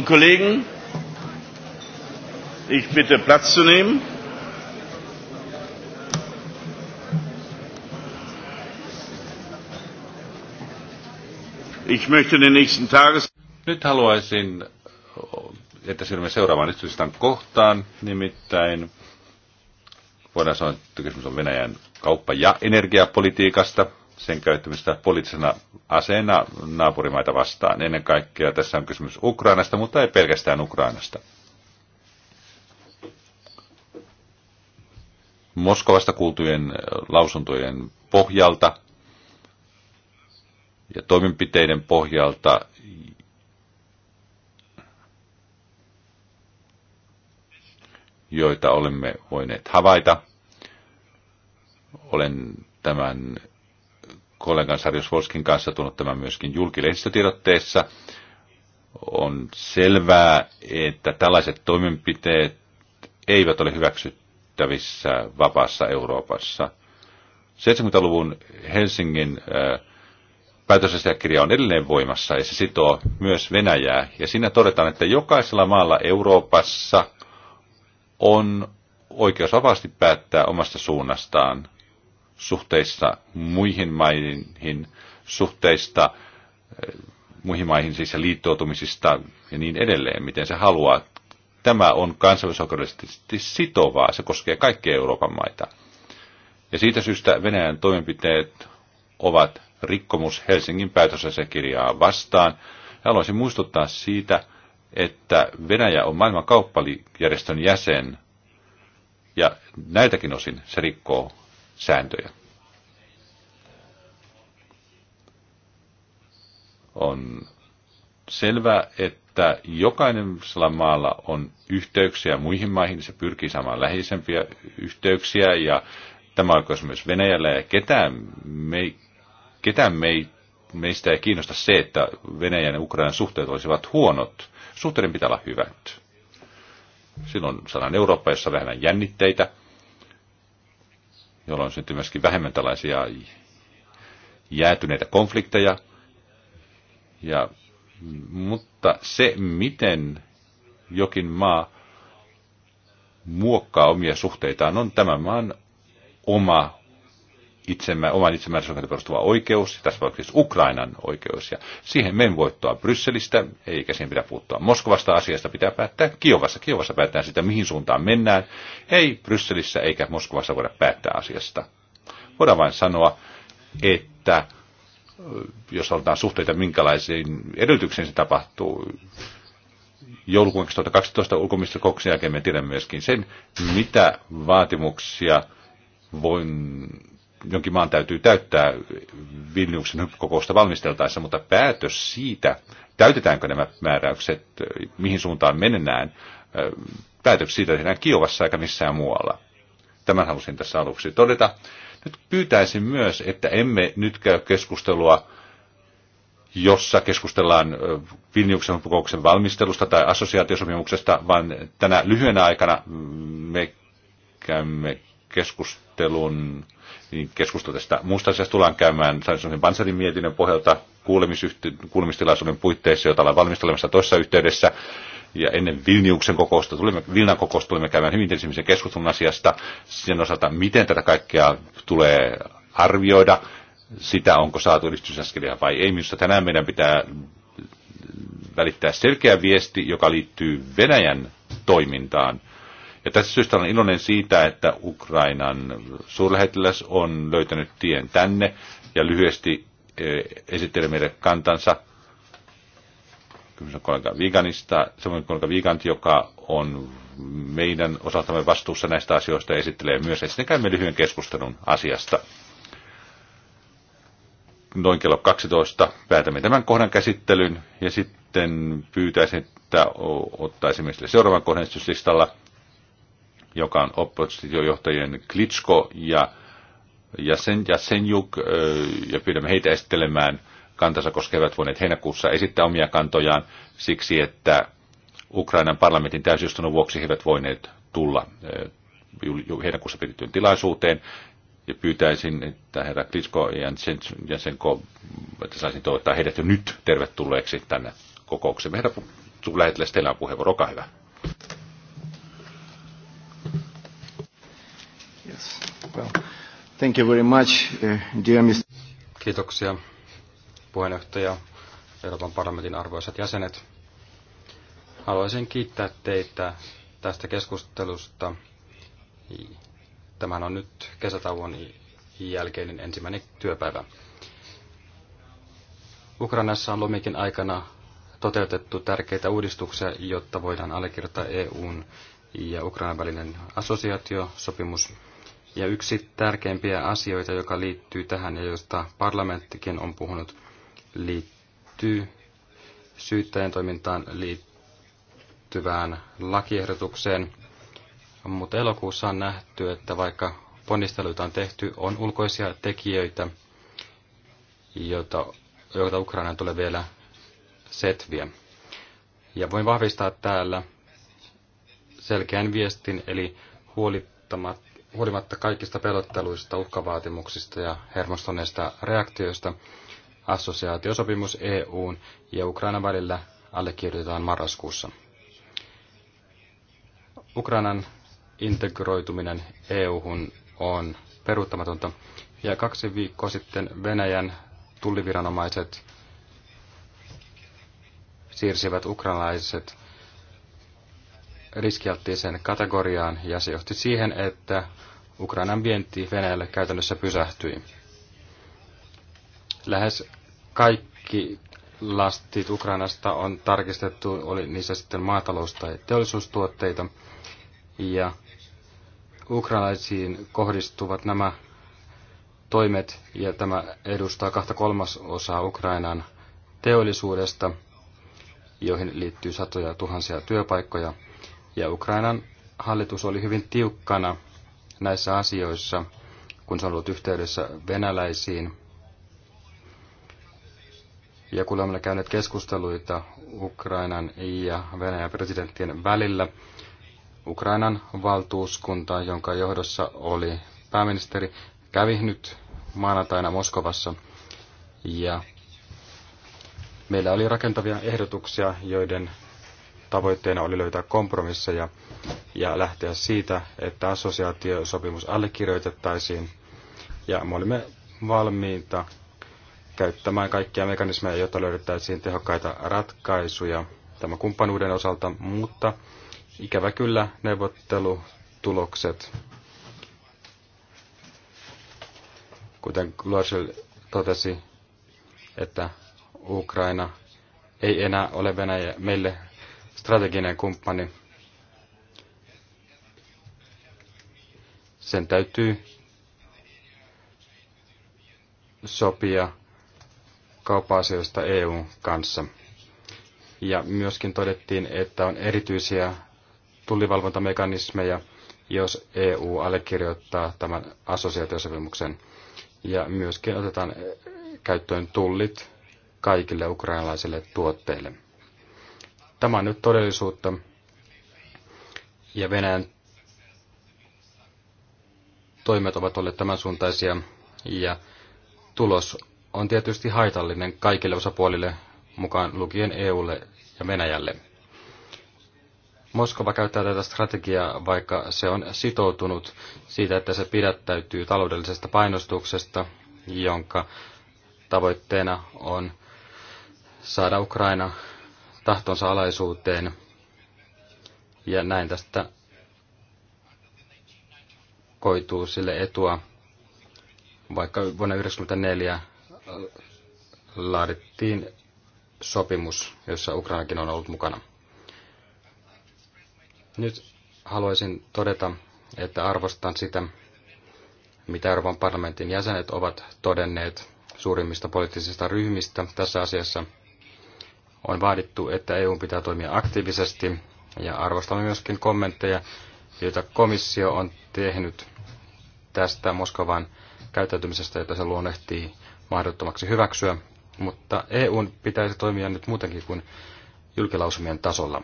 Kolleginnen und Kollegen, ich bitte Platz zu nehmen. Ich möchte den nächsten Tages... Nyt haluaisin, että siirrymme seuraavaan istuistan kohtaan, nimittäin voidaan sanoa, että kysymys on Venäjän kauppa- ja energiapolitiikasta – sen käyttämistä poliittisena aseena naapurimaita vastaan. Ennen kaikkea tässä on kysymys Ukrainasta, mutta ei pelkästään Ukrainasta. Moskovasta kuultujen äh, lausuntojen pohjalta ja toimenpiteiden pohjalta joita olemme voineet havaita. Olen tämän kollegan Sarjus Volskin kanssa tullut tämä myöskin julkilehdistötiedotteessa. On selvää, että tällaiset toimenpiteet eivät ole hyväksyttävissä vapaassa Euroopassa. 70-luvun Helsingin äh, päätösasiakirja on edelleen voimassa ja se sitoo myös Venäjää. Ja siinä todetaan, että jokaisella maalla Euroopassa on oikeus vapaasti päättää omasta suunnastaan suhteissa muihin maihin, suhteista eh, muihin maihin siis liittoutumisista ja niin edelleen, miten se haluaa. Tämä on kansainvälisoikeudellisesti sitovaa, se koskee kaikkia Euroopan maita. Ja siitä syystä Venäjän toimenpiteet ovat rikkomus Helsingin päätösasiakirjaa vastaan. Haluaisin muistuttaa siitä, että Venäjä on maailman kauppalijärjestön jäsen, ja näitäkin osin se rikkoo sääntöjä. On selvää, että jokainen maalla on yhteyksiä muihin maihin, se pyrkii saamaan läheisempiä yhteyksiä ja tämä oikeus myös Venäjällä ja ketään, me, ketään me, meistä ei kiinnosta se, että Venäjän ja Ukrainan suhteet olisivat huonot. Suhteiden pitää olla hyvät. Silloin saadaan Eurooppa, jossa vähemmän jännitteitä – jolloin syntyi myöskin vähemmän tällaisia jäätyneitä konflikteja. Ja, mutta se, miten jokin maa muokkaa omia suhteitaan, on tämän maan oma itsemä, oman itsemääräämisoikeuteen perustuva oikeus, tässä on siis Ukrainan oikeus, ja siihen me voittoa Brysselistä, eikä siihen pidä puuttua Moskovasta asiasta, pitää päättää Kiovassa. Kiovassa päättää sitä, mihin suuntaan mennään, ei Brysselissä eikä Moskovassa voida päättää asiasta. Voidaan vain sanoa, että jos halutaan suhteita, minkälaisiin edellytyksiin se tapahtuu, joulukuun 2012 ulkoministerikokouksen jälkeen me tiedämme myöskin sen, mitä vaatimuksia voin jonkin maan täytyy täyttää Vilniuksen kokousta valmisteltaessa, mutta päätös siitä, täytetäänkö nämä määräykset, mihin suuntaan mennään, päätös siitä tehdään Kiovassa eikä missään muualla. Tämän halusin tässä aluksi todeta. Nyt pyytäisin myös, että emme nyt käy keskustelua, jossa keskustellaan Vilniuksen kokouksen valmistelusta tai assosiaatiosopimuksesta, vaan tänä lyhyenä aikana mm, me käymme keskustelun, niin keskustelu tästä muusta asiasta tullaan käymään Sansonin Pansarin mietinnön pohjalta kuulemistilaisuuden puitteissa, jota ollaan valmistelemassa toisessa yhteydessä. Ja ennen Vilniuksen kokousta, tulimme, Vilnan kokousta tulimme käymään hyvin ensimmäisen keskustelun asiasta sen osalta, miten tätä kaikkea tulee arvioida, sitä onko saatu edistysaskelia vai ei. Minusta tänään meidän pitää välittää selkeä viesti, joka liittyy Venäjän toimintaan – ja tässä syystä olen iloinen siitä, että Ukrainan suurlähettiläs on löytänyt tien tänne ja lyhyesti e, esittelee meille kantansa kollega Viganista, samoin kollega Vigant, joka on meidän osaltamme vastuussa näistä asioista ja esittelee myös. Ja sitten käymme lyhyen keskustelun asiasta. Noin kello 12 päätämme tämän kohdan käsittelyn ja sitten pyytäisin, että ottaisimme sille seuraavan kohdan esityslistalla – joka on oppositiojohtajien Klitschko ja, ja, sen, ja Senjuk, ja pyydämme heitä esittelemään kantansa koskevat voineet heinäkuussa esittää omia kantojaan siksi, että Ukrainan parlamentin täysistunnon vuoksi he eivät voineet tulla heinäkuussa pidettyyn tilaisuuteen. Ja pyytäisin, että herra Klitsko ja Jensenko, että saisin toivottaa heidät jo nyt tervetulleeksi tänne kokoukseen. Herra lähettiläs, teillä on puheenvuoro, olkaa hyvä. Yes. Well, thank you very much, uh, dear Mr. Kiitoksia puheenjohtaja Euroopan parlamentin arvoisat jäsenet. Haluaisin kiittää teitä tästä keskustelusta. Tämä on nyt kesätauon jälkeinen ensimmäinen työpäivä. Ukrainassa on lomikin aikana toteutettu tärkeitä uudistuksia, jotta voidaan allekirjoittaa EUn ja Ukrainan välinen assosiaatiosopimus ja yksi tärkeimpiä asioita, joka liittyy tähän ja josta parlamenttikin on puhunut, liittyy syyttäjän toimintaan liittyvään lakiehdotukseen. Mutta elokuussa on nähty, että vaikka ponnisteluita on tehty, on ulkoisia tekijöitä, joita, joita Ukrainaan tulee vielä setviä. Ja voin vahvistaa täällä selkeän viestin, eli huolittamatta huolimatta kaikista pelotteluista, uhkavaatimuksista ja hermostuneista reaktioista, assosiaatiosopimus EUn ja Ukrainan välillä allekirjoitetaan marraskuussa. Ukrainan integroituminen EUhun on peruuttamatonta, ja kaksi viikkoa sitten Venäjän tulliviranomaiset siirsivät ukrainalaiset riskialttiiseen kategoriaan ja se johti siihen, että Ukrainan vienti Venäjälle käytännössä pysähtyi. Lähes kaikki lastit Ukrainasta on tarkistettu, oli niissä sitten maatalous- tai teollisuustuotteita. Ja ukrainaisiin kohdistuvat nämä toimet, ja tämä edustaa kahta kolmasosaa Ukrainan teollisuudesta, joihin liittyy satoja tuhansia työpaikkoja. Ja Ukrainan hallitus oli hyvin tiukkana näissä asioissa, kun se on ollut yhteydessä venäläisiin. Ja kun olemme käyneet keskusteluita Ukrainan ja Venäjän presidenttien välillä, Ukrainan valtuuskunta, jonka johdossa oli pääministeri, kävi nyt maanantaina Moskovassa. Ja meillä oli rakentavia ehdotuksia, joiden tavoitteena oli löytää kompromisseja ja lähteä siitä, että assosiaatiosopimus allekirjoitettaisiin. Ja me olimme valmiita käyttämään kaikkia mekanismeja, jotta löydettäisiin tehokkaita ratkaisuja tämän kumppanuuden osalta, mutta ikävä kyllä neuvottelutulokset, kuten Glorsil totesi, että Ukraina ei enää ole Venäjä, meille strateginen kumppani. Sen täytyy sopia kauppa-asioista EUn kanssa. Ja myöskin todettiin, että on erityisiä tullivalvontamekanismeja, jos EU allekirjoittaa tämän assosiaatiosopimuksen. Ja myöskin otetaan käyttöön tullit kaikille ukrainalaisille tuotteille. Tämä on nyt todellisuutta. Ja Venäjän toimet ovat olleet tämän suuntaisia. Ja tulos on tietysti haitallinen kaikille osapuolille, mukaan lukien EUlle ja Venäjälle. Moskova käyttää tätä strategiaa, vaikka se on sitoutunut siitä, että se pidättäytyy taloudellisesta painostuksesta, jonka tavoitteena on saada Ukraina tahtonsa alaisuuteen. Ja näin tästä koituu sille etua, vaikka vuonna 1994 äh, laadittiin sopimus, jossa Ukrainakin on ollut mukana. Nyt haluaisin todeta, että arvostan sitä, mitä Euroopan parlamentin jäsenet ovat todenneet suurimmista poliittisista ryhmistä tässä asiassa – on vaadittu, että EU pitää toimia aktiivisesti ja arvostamme myöskin kommentteja, joita komissio on tehnyt tästä Moskovan käyttäytymisestä, jota se luonnehtii mahdottomaksi hyväksyä, mutta EU pitäisi toimia nyt muutenkin kuin julkilausumien tasolla.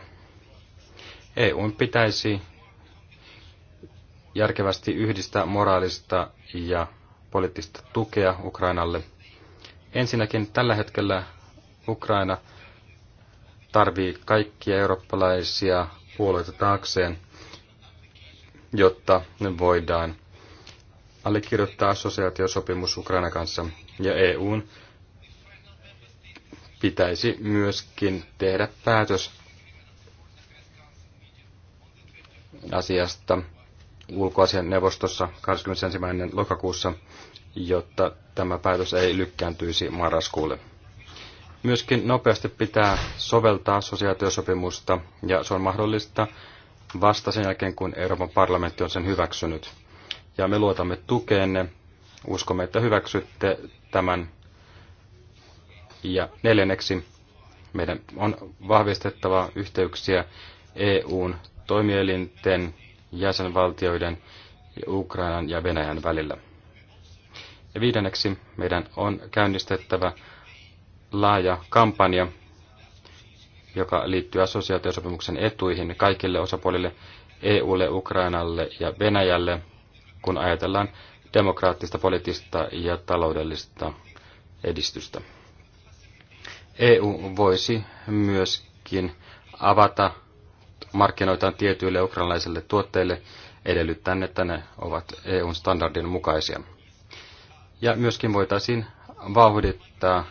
EU pitäisi järkevästi yhdistää moraalista ja poliittista tukea Ukrainalle. Ensinnäkin tällä hetkellä Ukraina tarvii kaikkia eurooppalaisia puolueita taakseen, jotta voidaan allekirjoittaa assosiaatiosopimus Ukraina kanssa ja EUn pitäisi myöskin tehdä päätös asiasta ulkoasian neuvostossa 21. lokakuussa, jotta tämä päätös ei lykkääntyisi marraskuulle. Myöskin nopeasti pitää soveltaa sosiaalityösopimusta, ja se on mahdollista vasta sen jälkeen, kun Euroopan parlamentti on sen hyväksynyt. Ja me luotamme tukeenne. Uskomme, että hyväksytte tämän. Ja neljänneksi meidän on vahvistettava yhteyksiä EUn toimielinten, jäsenvaltioiden ja Ukrainan ja Venäjän välillä. Ja viidenneksi meidän on käynnistettävä laaja kampanja, joka liittyy assosiaatiosopimuksen etuihin kaikille osapuolille, EUlle, Ukrainalle ja Venäjälle, kun ajatellaan demokraattista, poliittista ja taloudellista edistystä. EU voisi myöskin avata markkinoitaan tietyille ukrainalaisille tuotteille edellyttäen, että ne ovat EUn standardin mukaisia. Ja myöskin voitaisiin vauhdittaa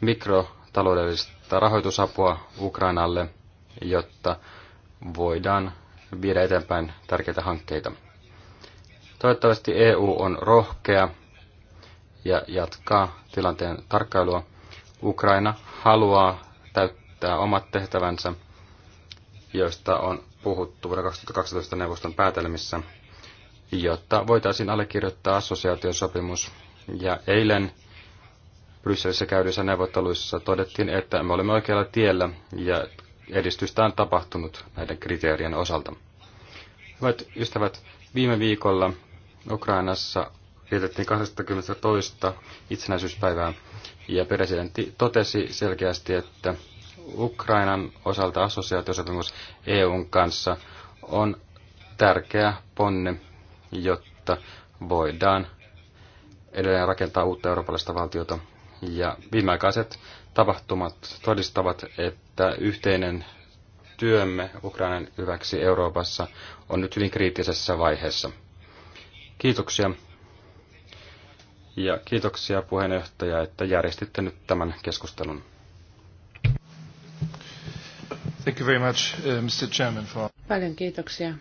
mikrotaloudellista rahoitusapua Ukrainalle, jotta voidaan viedä eteenpäin tärkeitä hankkeita. Toivottavasti EU on rohkea ja jatkaa tilanteen tarkkailua. Ukraina haluaa täyttää omat tehtävänsä, joista on puhuttu vuoden 2012 neuvoston päätelmissä, jotta voitaisiin allekirjoittaa assosiaatiosopimus. Ja eilen Brysselissä käydyissä neuvotteluissa todettiin, että me olemme oikealla tiellä ja edistystä on tapahtunut näiden kriteerien osalta. Hyvät ystävät, viime viikolla Ukrainassa vietettiin 22. itsenäisyyspäivää ja presidentti totesi selkeästi, että Ukrainan osalta assosiaatiosopimus EUn kanssa on tärkeä ponne, jotta voidaan edelleen rakentaa uutta eurooppalaista valtiota. Ja viimeaikaiset tapahtumat todistavat, että yhteinen työmme Ukrainan hyväksi Euroopassa on nyt hyvin kriittisessä vaiheessa. Kiitoksia. Ja kiitoksia puheenjohtaja, että järjestitte nyt tämän keskustelun. Thank you very much, uh, Mr. Chairman, for... Paljon kiitoksia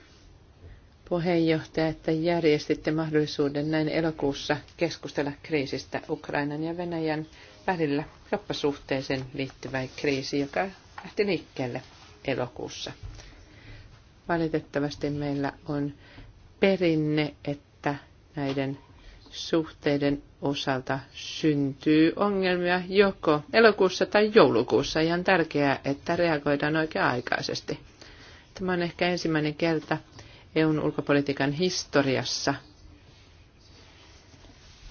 puheenjohtaja, että järjestitte mahdollisuuden näin elokuussa keskustella kriisistä Ukrainan ja Venäjän välillä kauppasuhteeseen liittyvä kriisi, joka lähti liikkeelle elokuussa. Valitettavasti meillä on perinne, että näiden suhteiden osalta syntyy ongelmia joko elokuussa tai joulukuussa. Ja on tärkeää, että reagoidaan oikea-aikaisesti. Tämä on ehkä ensimmäinen kerta EUn ulkopolitiikan historiassa,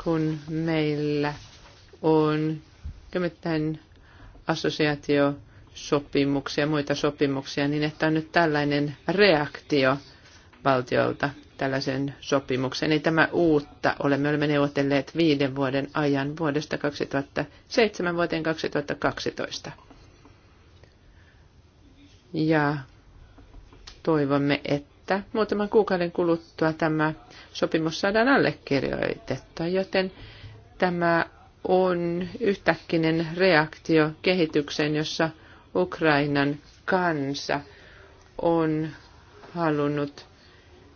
kun meillä on kymmenen assosiaatiosopimuksia ja muita sopimuksia, niin että on nyt tällainen reaktio valtiolta tällaisen sopimuksen. Ei tämä uutta ole. Me olemme neuvotelleet viiden vuoden ajan vuodesta 2007 vuoteen 2012. Ja toivomme, että että muutaman kuukauden kuluttua tämä sopimus saadaan allekirjoitettua, joten tämä on yhtäkkinen reaktio kehitykseen, jossa Ukrainan kansa on halunnut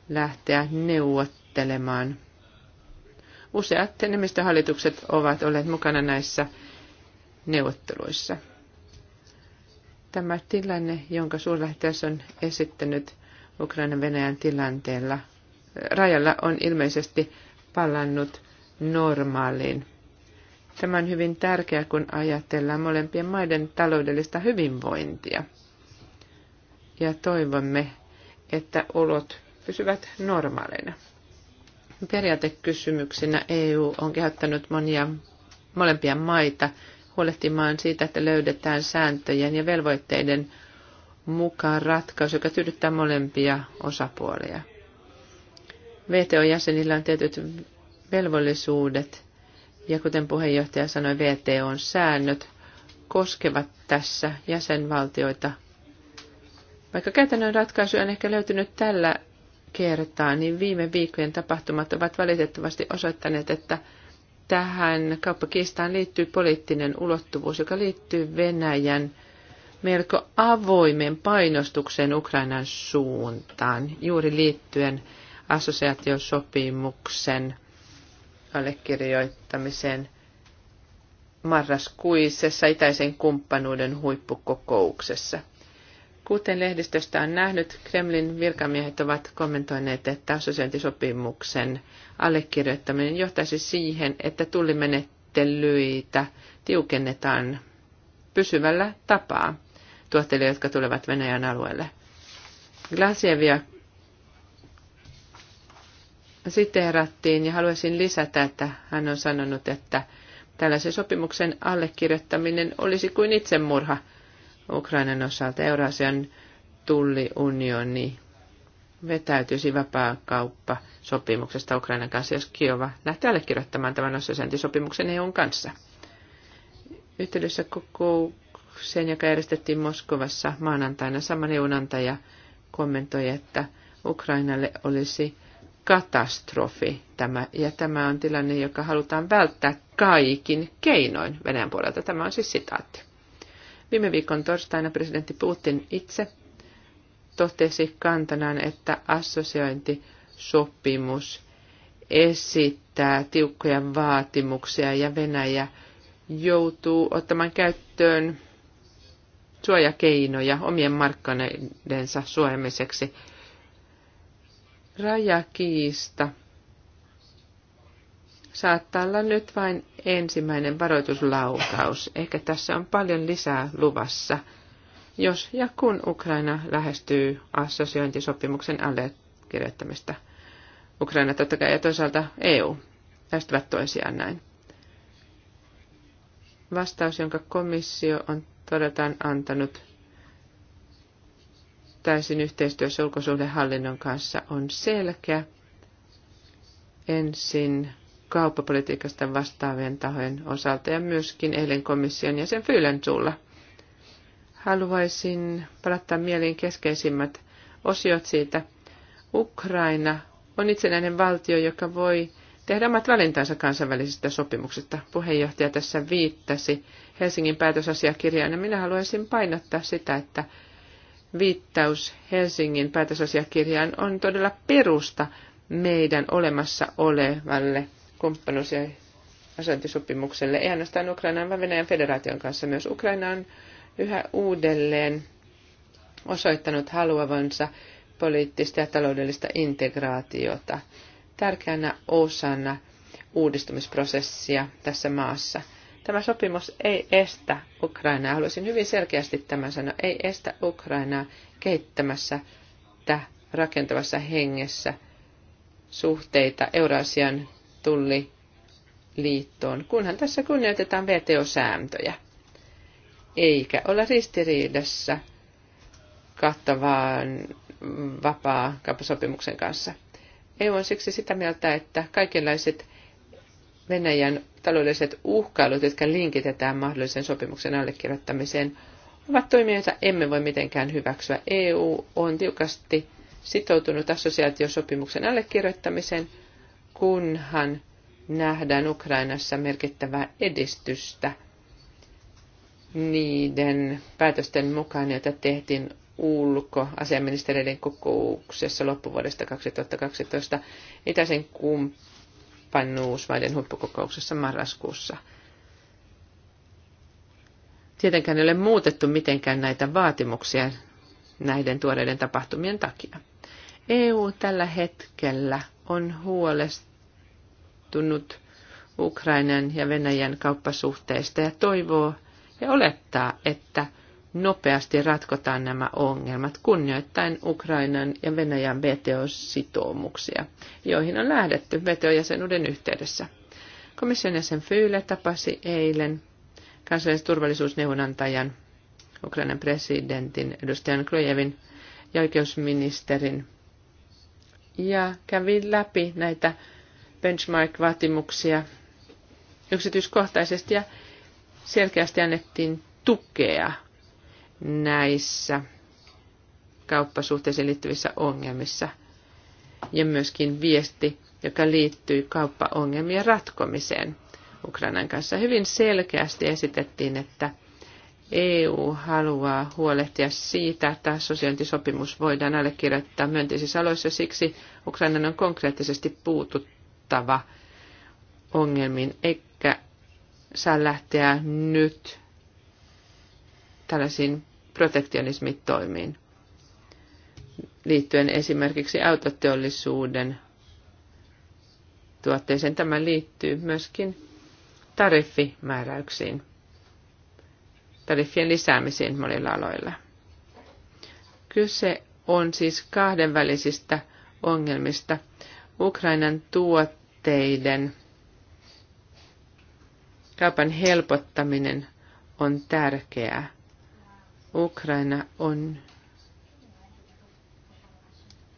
lähteä neuvottelemaan. Useat enemmistöhallitukset ovat olleet mukana näissä neuvotteluissa. Tämä tilanne, jonka suurlähettiläs on esittänyt, Ukrainan venäjän tilanteella rajalla on ilmeisesti palannut normaaliin. Tämä on hyvin tärkeää, kun ajatellaan molempien maiden taloudellista hyvinvointia. Ja toivomme, että olot pysyvät normaaleina. Periaatekysymyksenä EU on kehottanut monia molempia maita huolehtimaan siitä, että löydetään sääntöjen ja velvoitteiden mukaan ratkaisu, joka tyydyttää molempia osapuolia. VTO-jäsenillä on tietyt velvollisuudet, ja kuten puheenjohtaja sanoi, VTOn säännöt koskevat tässä jäsenvaltioita. Vaikka käytännön ratkaisuja on ehkä löytynyt tällä kertaa, niin viime viikkojen tapahtumat ovat valitettavasti osoittaneet, että tähän kauppakiistaan liittyy poliittinen ulottuvuus, joka liittyy Venäjän – melko avoimen painostuksen Ukrainan suuntaan juuri liittyen assosiaatiosopimuksen allekirjoittamiseen marraskuisessa itäisen kumppanuuden huippukokouksessa. Kuten lehdistöstä on nähnyt, Kremlin virkamiehet ovat kommentoineet, että assosiointisopimuksen allekirjoittaminen johtaisi siihen, että tullimenettelyitä tiukennetaan pysyvällä tapaa tuotteille, jotka tulevat Venäjän alueelle. sitten siteerattiin ja haluaisin lisätä, että hän on sanonut, että tällaisen sopimuksen allekirjoittaminen olisi kuin itsemurha Ukrainan osalta. Eurasian tulliunioni vetäytyisi vapaakauppa sopimuksesta Ukrainan kanssa, jos Kiova lähtee allekirjoittamaan tämän osasentisopimuksen EUn kanssa. Yhteydessä koko kokoukseen, joka järjestettiin Moskovassa maanantaina. Sama neuvonantaja kommentoi, että Ukrainalle olisi katastrofi tämä, ja tämä on tilanne, joka halutaan välttää kaikin keinoin Venäjän puolelta. Tämä on siis sitaatti. Viime viikon torstaina presidentti Putin itse totesi kantanaan, että assosiointisopimus esittää tiukkoja vaatimuksia ja Venäjä joutuu ottamaan käyttöön suojakeinoja omien markkinaidensa suojamiseksi. Rajakiista saattaa olla nyt vain ensimmäinen varoituslaukaus. Ehkä tässä on paljon lisää luvassa, jos ja kun Ukraina lähestyy assosiointisopimuksen allekirjoittamista. Ukraina totta kai ja toisaalta EU lähestyvät toisiaan näin. Vastaus, jonka komissio on todetaan antanut täysin yhteistyössä ulkosuhdehallinnon kanssa on selkeä. Ensin kauppapolitiikasta vastaavien tahojen osalta ja myöskin eilen komission sen Fylen suulla. Haluaisin palattaa mieliin keskeisimmät osiot siitä. Ukraina on itsenäinen valtio, joka voi tehdä omat valintansa kansainvälisistä sopimuksista. Puheenjohtaja tässä viittasi Helsingin päätösasiakirjaan ja minä haluaisin painottaa sitä, että viittaus Helsingin päätösasiakirjaan on todella perusta meidän olemassa olevalle kumppanuus- ja asiointisopimukselle, ei ainoastaan Ukrainaan, vaan Venäjän federaation kanssa. Myös Ukraina on yhä uudelleen osoittanut haluavansa poliittista ja taloudellista integraatiota – tärkeänä osana uudistumisprosessia tässä maassa. Tämä sopimus ei estä Ukrainaa, haluaisin hyvin selkeästi tämän sanoa, ei estä Ukrainaa kehittämässä rakentavassa hengessä suhteita Eurasian tulliliittoon, kunhan tässä kunnioitetaan VTO-sääntöjä, eikä olla ristiriidassa kattavaan vapaa kauppasopimuksen kanssa. EU on siksi sitä mieltä, että kaikenlaiset Venäjän taloudelliset uhkailut, jotka linkitetään mahdollisen sopimuksen allekirjoittamiseen, ovat toimia, joita emme voi mitenkään hyväksyä. EU on tiukasti sitoutunut assosiaatiosopimuksen allekirjoittamiseen, kunhan nähdään Ukrainassa merkittävää edistystä niiden päätösten mukaan, joita tehtiin ulkoasiaministeriöiden kokouksessa loppuvuodesta 2012 itäisen kumppanuusmaiden huippukokouksessa marraskuussa. Tietenkään ei ole muutettu mitenkään näitä vaatimuksia näiden tuoreiden tapahtumien takia. EU tällä hetkellä on huolestunut Ukrainan ja Venäjän kauppasuhteista ja toivoo ja olettaa, että – nopeasti ratkotaan nämä ongelmat kunnioittain Ukrainan ja Venäjän VTO-sitoumuksia, joihin on lähdetty vto jäsenuuden yhteydessä. Komission jäsen Fyyle tapasi eilen kansallisen turvallisuusneuvonantajan, Ukrainan presidentin edustajan Klujevin ja oikeusministerin ja kävi läpi näitä benchmark-vaatimuksia yksityiskohtaisesti ja selkeästi annettiin tukea näissä kauppasuhteisiin liittyvissä ongelmissa ja myöskin viesti, joka liittyy kauppaongelmien ratkomiseen Ukrainan kanssa. Hyvin selkeästi esitettiin, että EU haluaa huolehtia siitä, että sosiointisopimus voidaan allekirjoittaa myönteisissä aloissa, siksi Ukrainan on konkreettisesti puututtava ongelmiin, eikä saa lähteä nyt tällaisiin toimiin. liittyen esimerkiksi autoteollisuuden tuotteeseen. Tämä liittyy myöskin tariffimääräyksiin, tariffien lisäämisiin monilla aloilla. Kyse on siis kahdenvälisistä ongelmista. Ukrainan tuotteiden kaupan helpottaminen on tärkeää Ukraina on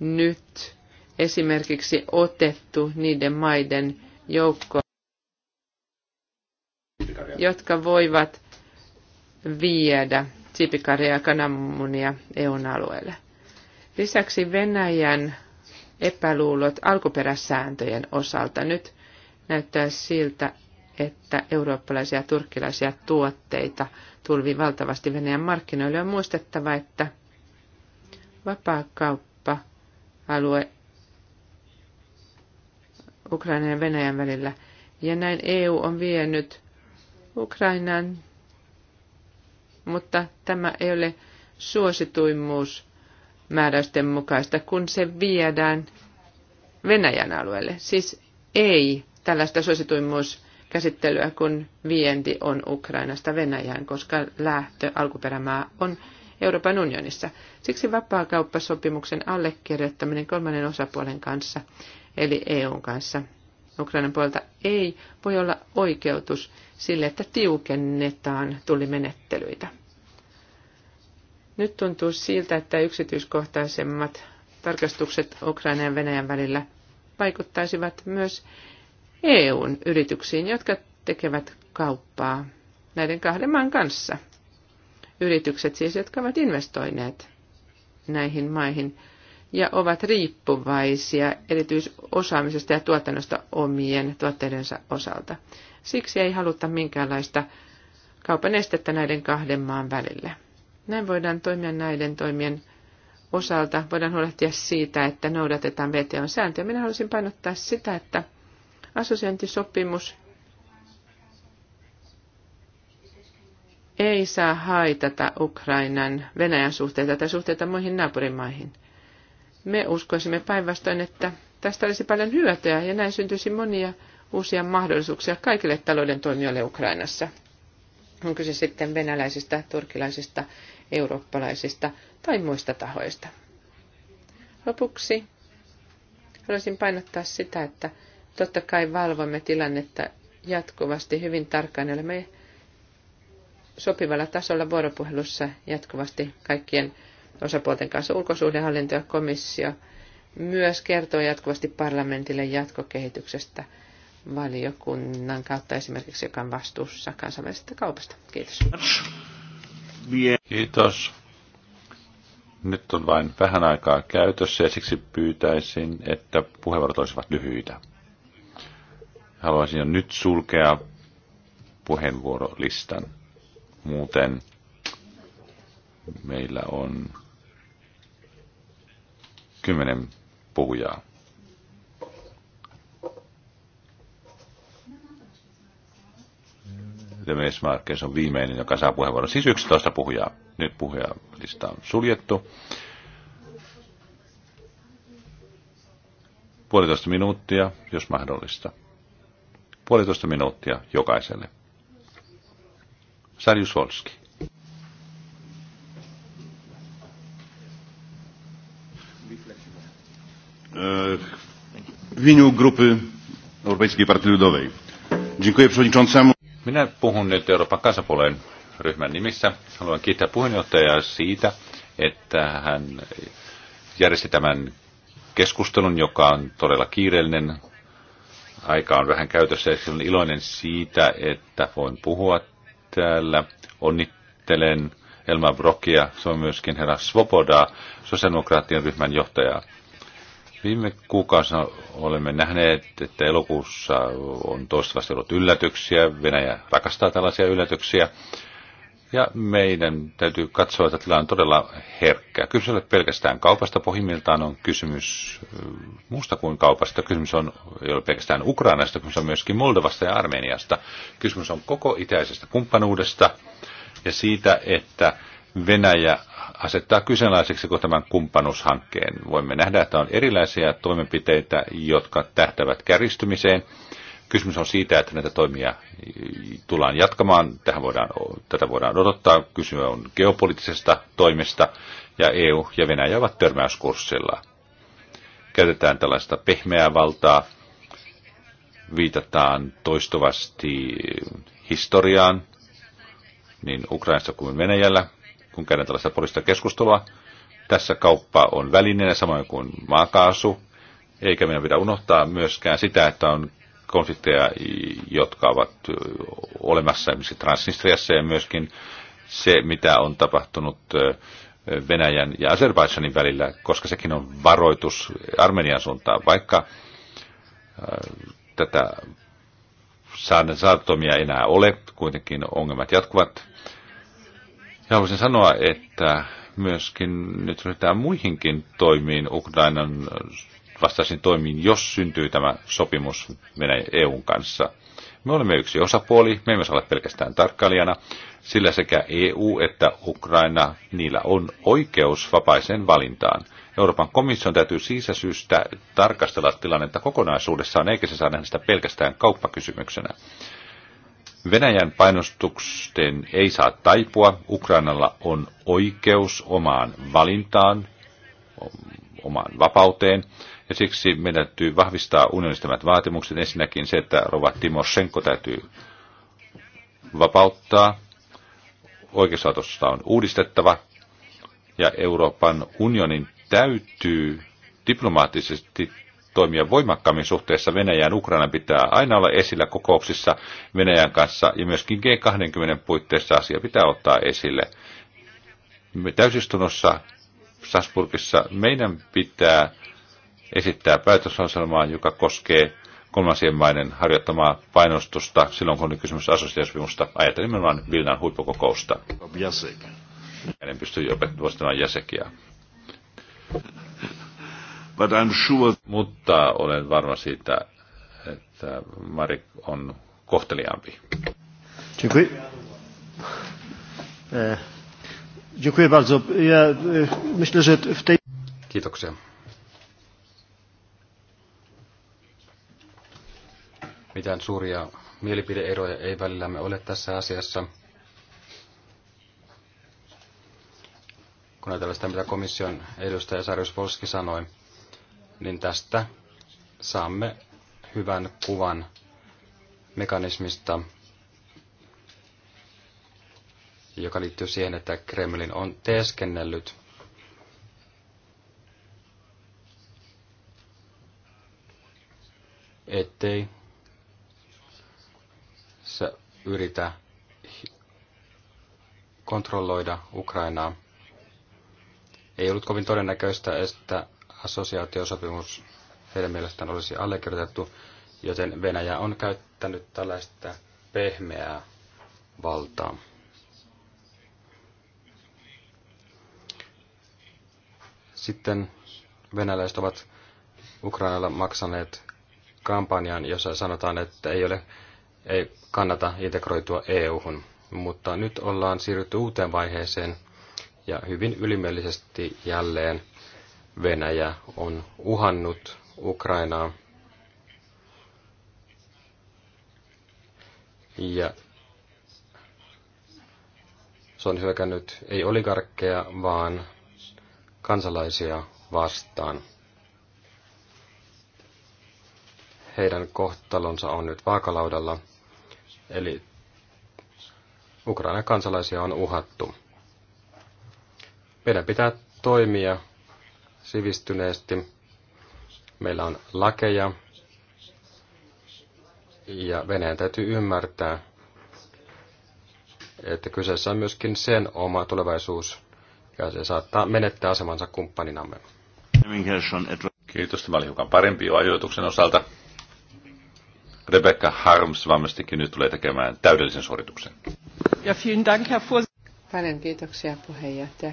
nyt esimerkiksi otettu niiden maiden joukkoon, jotka voivat viedä Tsipikaria ja Kanamunia EUn alueelle. Lisäksi Venäjän epäluulot alkuperäsääntöjen osalta nyt näyttää siltä, että eurooppalaisia ja turkkilaisia tuotteita tulvi valtavasti Venäjän markkinoille. On muistettava, että vapaakauppa-alue Ukrainan ja Venäjän välillä. Ja näin EU on vienyt Ukrainaan, mutta tämä ei ole suosituimmuus määräysten mukaista, kun se viedään Venäjän alueelle. Siis ei tällaista suosituimmuus käsittelyä, kun vienti on Ukrainasta Venäjään, koska lähtö alkuperämaa on Euroopan unionissa. Siksi vapaakauppasopimuksen allekirjoittaminen kolmannen osapuolen kanssa, eli EUn kanssa, Ukrainan puolelta ei voi olla oikeutus sille, että tiukennetaan tulimenettelyitä. Nyt tuntuu siltä, että yksityiskohtaisemmat tarkastukset Ukrainan ja Venäjän välillä vaikuttaisivat myös EUn yrityksiin, jotka tekevät kauppaa näiden kahden maan kanssa. Yritykset siis, jotka ovat investoineet näihin maihin ja ovat riippuvaisia erityisosaamisesta ja tuotannosta omien tuotteidensa osalta. Siksi ei haluta minkäänlaista kaupan estettä näiden kahden maan välille. Näin voidaan toimia näiden toimien osalta. Voidaan huolehtia siitä, että noudatetaan VTOn sääntöjä. Minä haluaisin painottaa sitä, että Assosiointisopimus ei saa haitata Ukrainan Venäjän suhteita tai suhteita muihin naapurimaihin. Me uskoisimme päinvastoin, että tästä olisi paljon hyötyä ja näin syntyisi monia uusia mahdollisuuksia kaikille talouden toimijoille Ukrainassa. On kyse sitten venäläisistä, turkilaisista, eurooppalaisista tai muista tahoista. Lopuksi haluaisin painottaa sitä, että Totta kai valvomme tilannetta jatkuvasti hyvin tarkkaan. Olemme sopivalla tasolla vuoropuhelussa jatkuvasti kaikkien osapuolten kanssa. Ulkosuhdehallinto ja komissio myös kertoo jatkuvasti parlamentille jatkokehityksestä valiokunnan kautta esimerkiksi, joka on vastuussa kansainvälisestä kaupasta. Kiitos. Kiitos. Nyt on vain vähän aikaa käytössä ja siksi pyytäisin, että puheenvuorot olisivat lyhyitä. Haluaisin jo nyt sulkea puheenvuorolistan. Muuten meillä on kymmenen puhujaa. Demes Marques on viimeinen, joka saa puheenvuoron. Siis 11 puhujaa. Nyt puhujalista on suljettu. Puolitoista minuuttia, jos mahdollista puolitoista minuuttia jokaiselle. Sarjus Volski. W imieniu Grupy Europejskiej Partii Ludowej. Dziękuję przewodniczącemu. Minä puhun nyt Euroopan kansapuolen ryhmän nimissä. Haluan kiittää puheenjohtajaa siitä, että hän järjesti tämän keskustelun, joka on todella kiireellinen Aika on vähän käytössä ja olen iloinen siitä, että voin puhua täällä. Onnittelen Elma Brokia, se on myöskin herra Svoboda, sosiaalidemokraattien ryhmän johtaja. Viime kuukausina olemme nähneet, että elokuussa on toistavasti ollut yllätyksiä. Venäjä rakastaa tällaisia yllätyksiä. Ja meidän täytyy katsoa, että tilanne on todella herkkä. Kysymys ei pelkästään kaupasta, pohjimmiltaan on kysymys äh, muusta kuin kaupasta. Kysymys on, ei ole pelkästään Ukrainasta, kysymys on myöskin Moldovasta ja Armeniasta. Kysymys on koko itäisestä kumppanuudesta ja siitä, että Venäjä asettaa kyseenalaiseksi koko tämän kumppanuushankkeen. Voimme nähdä, että on erilaisia toimenpiteitä, jotka tähtävät kärjistymiseen Kysymys on siitä, että näitä toimia tullaan jatkamaan. Tähän voidaan, tätä voidaan odottaa. Kysymys on geopoliittisesta toimista ja EU ja Venäjä ovat törmäyskurssilla. Käytetään tällaista pehmeää valtaa, viitataan toistuvasti historiaan, niin Ukrainassa kuin Venäjällä, kun käydään tällaista poliittista keskustelua. Tässä kauppa on välineenä samoin kuin maakaasu, eikä meidän pidä unohtaa myöskään sitä, että on konflikteja, jotka ovat olemassa esimerkiksi Transnistriassa ja myöskin se, mitä on tapahtunut Venäjän ja Azerbaidžanin välillä, koska sekin on varoitus Armenian suuntaan, vaikka tätä saattomia ei enää ole, kuitenkin ongelmat jatkuvat. Ja haluaisin sanoa, että myöskin nyt ryhdytään muihinkin toimiin Ukrainan vastaisin toimiin, jos syntyy tämä sopimus Venäjän EUn kanssa. Me olemme yksi osapuoli, me emme saa olla pelkästään tarkkailijana, sillä sekä EU että Ukraina, niillä on oikeus vapaiseen valintaan. Euroopan komission täytyy siitä syystä tarkastella tilannetta kokonaisuudessaan, eikä se saa nähdä sitä pelkästään kauppakysymyksenä. Venäjän painostuksen ei saa taipua. Ukrainalla on oikeus omaan valintaan, omaan vapauteen. Ja siksi meidän täytyy vahvistaa unionistamat vaatimukset. Ensinnäkin se, että Rova Timoshenko täytyy vapauttaa. Oikeuslaitosta on uudistettava. Ja Euroopan unionin täytyy diplomaattisesti toimia voimakkaammin suhteessa Venäjään. Ukraina pitää aina olla esillä kokouksissa Venäjän kanssa ja myöskin G20 puitteissa asia pitää ottaa esille. Me täysistunnossa Strasbourgissa meidän pitää esittää päätösasemaa, joka koskee kolmansien maiden harjoittamaa painostusta silloin, kun on kysymys asosiaisvimusta. Ajattelin nimenomaan Vilnan huippukokousta. Hän En pysty opettamaan jäsekiä. sure... Mutta olen varma siitä, että Marik on kohteliaampi. Dziękuję. E, e, Kiitoksia. Mitään suuria mielipideeroja ei välillämme ole tässä asiassa. Kun ajatellaan sitä, mitä komission edustaja Sarjus Volski sanoi, niin tästä saamme hyvän kuvan mekanismista, joka liittyy siihen, että Kremlin on teeskennellyt ettei yritä kontrolloida Ukrainaa. Ei ollut kovin todennäköistä, että assosiaatiosopimus heidän mielestään olisi allekirjoitettu, joten Venäjä on käyttänyt tällaista pehmeää valtaa. Sitten venäläiset ovat Ukrainalla maksaneet kampanjan, jossa sanotaan, että ei ole ei kannata integroitua EU-hun. Mutta nyt ollaan siirrytty uuteen vaiheeseen ja hyvin ylimielisesti jälleen Venäjä on uhannut Ukrainaa. Ja se on hyökännyt ei oligarkkeja, vaan kansalaisia vastaan. Heidän kohtalonsa on nyt vaakalaudalla Eli Ukraina kansalaisia on uhattu. Meidän pitää toimia sivistyneesti. Meillä on lakeja. Ja Venäjän täytyy ymmärtää, että kyseessä on myöskin sen oma tulevaisuus, ja se saattaa menettää asemansa kumppaninamme. Kiitos, tämä oli hiukan parempi jo ajoituksen osalta. Rebecca Harms varmastikin nyt tulee tekemään täydellisen suorituksen. Ja vielen dank, Herr Paljon kiitoksia puheenjohtaja.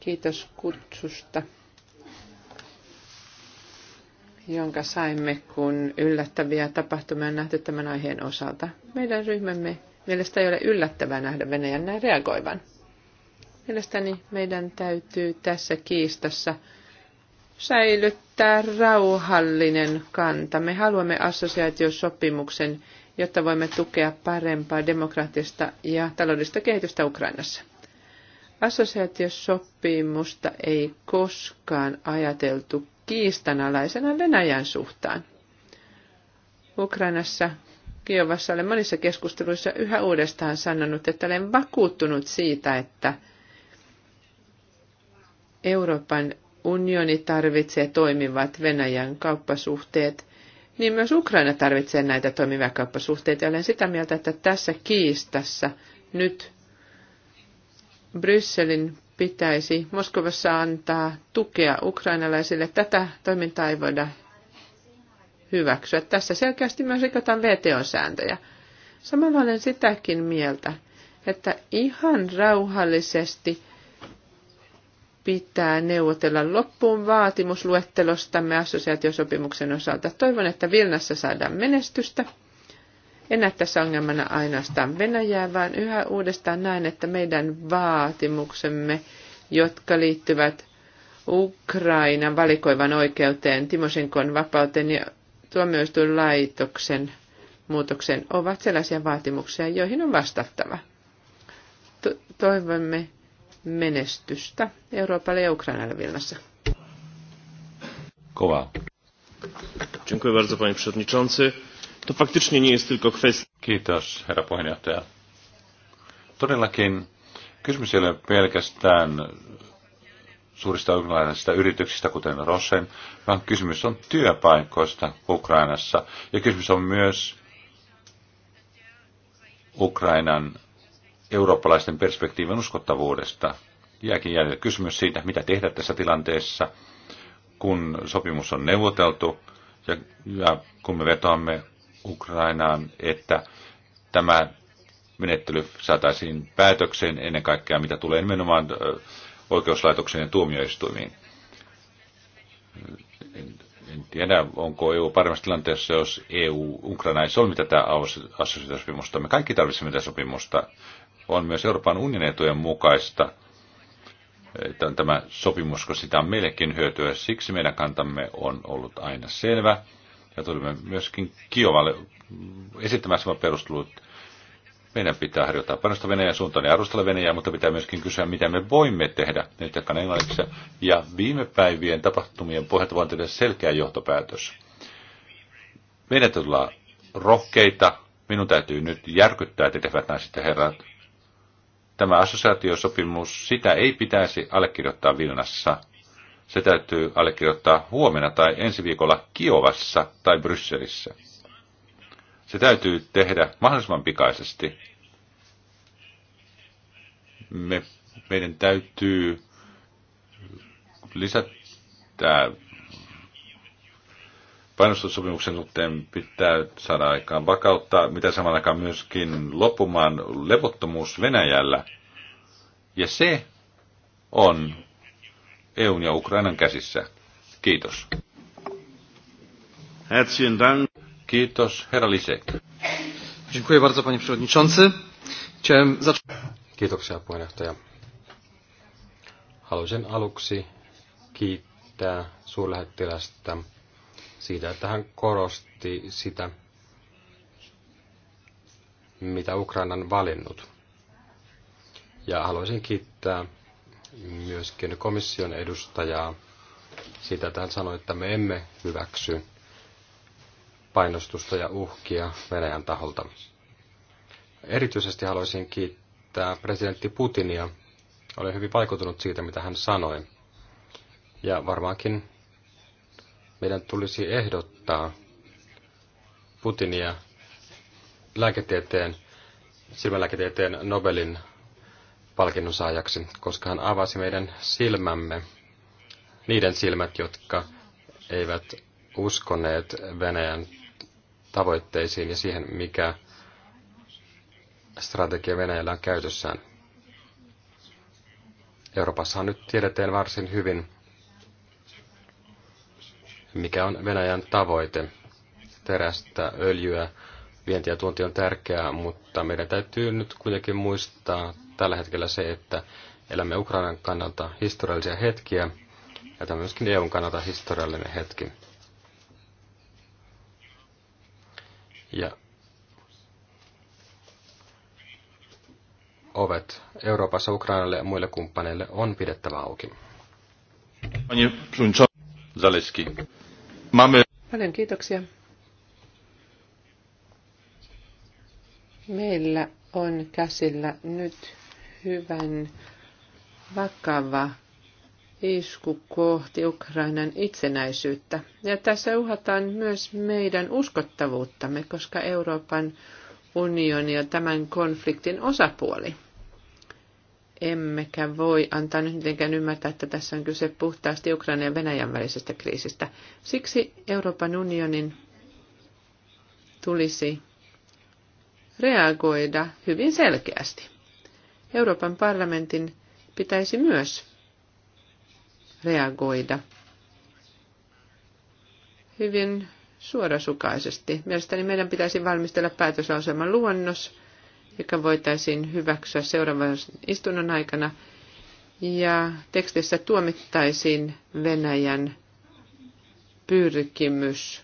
Kiitos kutsusta, jonka saimme, kun yllättäviä tapahtumia on nähty tämän aiheen osalta. Meidän ryhmämme mielestä ei ole yllättävää nähdä Venäjän näin reagoivan. Mielestäni meidän täytyy tässä kiistassa – säilyttää rauhallinen kanta. Me haluamme assosiaatiosopimuksen, jotta voimme tukea parempaa demokraattista ja taloudellista kehitystä Ukrainassa. Assosiaatiosopimusta ei koskaan ajateltu kiistanalaisena Venäjän suhtaan. Ukrainassa Kiovassa olen monissa keskusteluissa yhä uudestaan sanonut, että olen vakuuttunut siitä, että Euroopan unioni tarvitsee toimivat Venäjän kauppasuhteet, niin myös Ukraina tarvitsee näitä toimivia kauppasuhteita. olen sitä mieltä, että tässä kiistassa nyt Brysselin pitäisi Moskovassa antaa tukea ukrainalaisille. Tätä toimintaa ei voida hyväksyä. Tässä selkeästi myös rikotaan VTO-sääntöjä. Samalla olen sitäkin mieltä, että ihan rauhallisesti – pitää neuvotella loppuun vaatimusluettelostamme assosiaatiosopimuksen osalta. Toivon, että Vilnassa saadaan menestystä. En näe tässä ongelmana ainoastaan Venäjää, vaan yhä uudestaan näen, että meidän vaatimuksemme, jotka liittyvät Ukrainan valikoivan oikeuteen, Timosenkon vapauteen ja tuomioistuinlaitoksen muutoksen, ovat sellaisia vaatimuksia, joihin on vastattava. To- toivomme menestystä Euroopalle ja Ukrainalle Vilnassa. Kova. Dziękuję bardzo, panie przewodniczący. To faktycznie nie jest tylko kwestia... Kiitos, herra puheenjohtaja. Todellakin kysymys ei ole pelkästään suurista ukrainalaisista yrityksistä, kuten Rosen, vaan kysymys on työpaikoista Ukrainassa. Ja kysymys on myös Ukrainan eurooppalaisten perspektiivin uskottavuudesta. Jääkin jäljellä kysymys siitä, mitä tehdä tässä tilanteessa, kun sopimus on neuvoteltu ja, ja kun me vetoamme Ukrainaan, että tämä menettely saataisiin päätökseen ennen kaikkea, mitä tulee nimenomaan oikeuslaitokseen ja tuomioistuimiin. En, en tiedä, onko EU paremmassa tilanteessa, jos EU, Ukraina ei solmi tätä assosiaatiosopimusta. Me kaikki tarvitsemme tätä sopimusta on myös Euroopan unionin etujen mukaista tämä sopimus, koska sitä on meillekin hyötyä. Siksi meidän kantamme on ollut aina selvä. Ja tulimme myöskin Kiovalle esittämään saman perustelut. Meidän pitää harjoittaa panosta Venäjän suuntaan ja arvostella Venäjää, mutta pitää myöskin kysyä, mitä me voimme tehdä nyt jakan englanniksi. Ja viime päivien tapahtumien pohjalta voin tehdä selkeä johtopäätös. Meidän tulee rohkeita. Minun täytyy nyt järkyttää, että tehdään naiset herrat, Tämä assosiaatiosopimus, sitä ei pitäisi allekirjoittaa Vilnassa. Se täytyy allekirjoittaa huomenna tai ensi viikolla Kiovassa tai Brysselissä. Se täytyy tehdä mahdollisimman pikaisesti. Me, meidän täytyy lisätä painostussopimuksen suhteen pitää saada aikaan vakautta, mitä samalla aikaan myöskin loppumaan levottomuus Venäjällä. Ja se on EUn ja Ukrainan käsissä. Kiitos. Kiitos, herra Lisek. Dziękuję bardzo, panie przewodniczący. Chciałem zacząć... Kiitoksia, puheenjohtaja. Haluaisin aluksi kiittää suurlähettilästä siitä, että hän korosti sitä, mitä Ukrainan valinnut. Ja haluaisin kiittää myöskin komission edustajaa siitä, että hän sanoi, että me emme hyväksy painostusta ja uhkia Venäjän taholta. Erityisesti haluaisin kiittää presidentti Putinia. Olen hyvin vaikutunut siitä, mitä hän sanoi. Ja varmaankin meidän tulisi ehdottaa Putinia lääketieteen, silmälääketieteen Nobelin palkinnon saajaksi, koska hän avasi meidän silmämme, niiden silmät, jotka eivät uskoneet Venäjän tavoitteisiin ja siihen, mikä strategia Venäjällä on käytössään. Euroopassa on nyt tiedetään varsin hyvin, mikä on Venäjän tavoite. Terästä, öljyä, vienti ja tuonti on tärkeää, mutta meidän täytyy nyt kuitenkin muistaa tällä hetkellä se, että elämme Ukrainan kannalta historiallisia hetkiä, ja tämä myöskin EUn kannalta historiallinen hetki. Ja ovet Euroopassa Ukrainalle ja muille kumppaneille on pidettävä auki. Zaleski. Mamy... Paljon kiitoksia. Meillä on käsillä nyt hyvän vakava isku kohti Ukrainan itsenäisyyttä. Ja tässä uhataan myös meidän uskottavuuttamme, koska Euroopan unioni on tämän konfliktin osapuoli emmekä voi antaa nyt mitenkään ymmärtää, että tässä on kyse puhtaasti Ukrainan ja Venäjän välisestä kriisistä. Siksi Euroopan unionin tulisi reagoida hyvin selkeästi. Euroopan parlamentin pitäisi myös reagoida hyvin suorasukaisesti. Mielestäni meidän pitäisi valmistella päätöslauselman luonnos, joka voitaisiin hyväksyä seuraavan istunnon aikana. Ja tekstissä tuomittaisiin Venäjän pyrkimys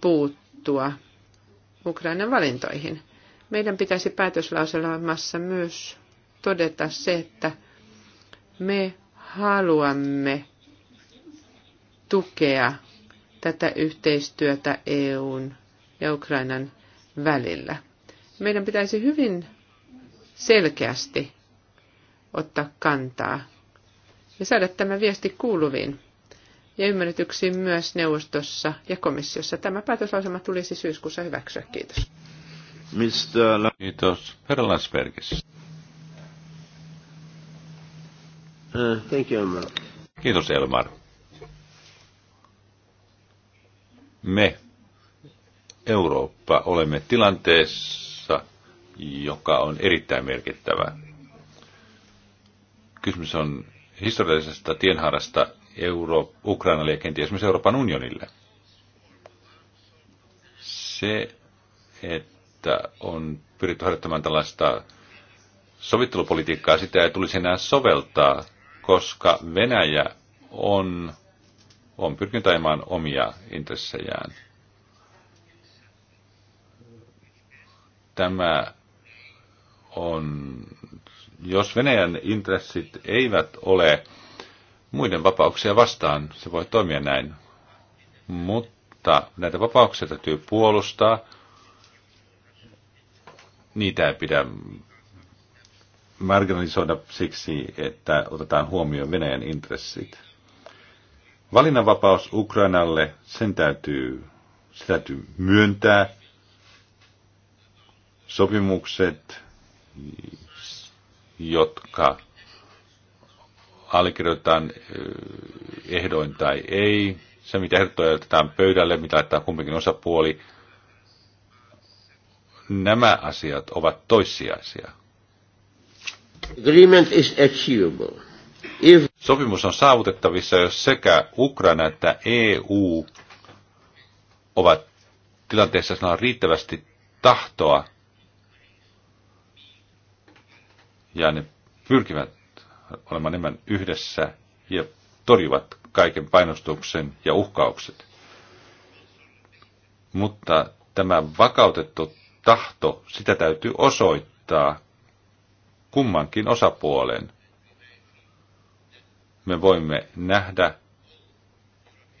puuttua Ukrainan valintoihin. Meidän pitäisi päätöslauselmassa myös todeta se, että me haluamme tukea tätä yhteistyötä EUn ja Ukrainan välillä meidän pitäisi hyvin selkeästi ottaa kantaa ja saada tämä viesti kuuluviin ja ymmärretyksi myös neuvostossa ja komissiossa. Tämä päätöslausema tulisi syyskuussa hyväksyä. Kiitos. Mr. Kiitos. Herra Lansbergis. Uh, thank you, Kiitos, Elmar. Me, Eurooppa, olemme tilanteessa, joka on erittäin merkittävä. Kysymys on historiallisesta tienhaarasta Euro- Ukrainalle ja kenties myös Euroopan unionille. Se, että on pyritty harjoittamaan tällaista sovittelupolitiikkaa, sitä ei tulisi enää soveltaa, koska Venäjä on, on pyrkinyt ajamaan omia intressejään. Tämä on, jos Venäjän intressit eivät ole muiden vapauksia vastaan, se voi toimia näin. Mutta näitä vapauksia täytyy puolustaa. Niitä ei pidä marginalisoida siksi, että otetaan huomioon Venäjän intressit. Valinnanvapaus Ukrainalle, sen täytyy, se täytyy myöntää. Sopimukset jotka allekirjoitetaan ehdoin tai ei. Se, mitä ehdotoja jätetään pöydälle, mitä laittaa kumpikin osapuoli, nämä asiat ovat toissijaisia. Agreement is achievable. If... Sopimus on saavutettavissa, jos sekä Ukraina että EU ovat tilanteessa, jossa on riittävästi tahtoa ja ne pyrkivät olemaan enemmän yhdessä ja torjuvat kaiken painostuksen ja uhkaukset. Mutta tämä vakautettu tahto, sitä täytyy osoittaa kummankin osapuolen. Me voimme nähdä,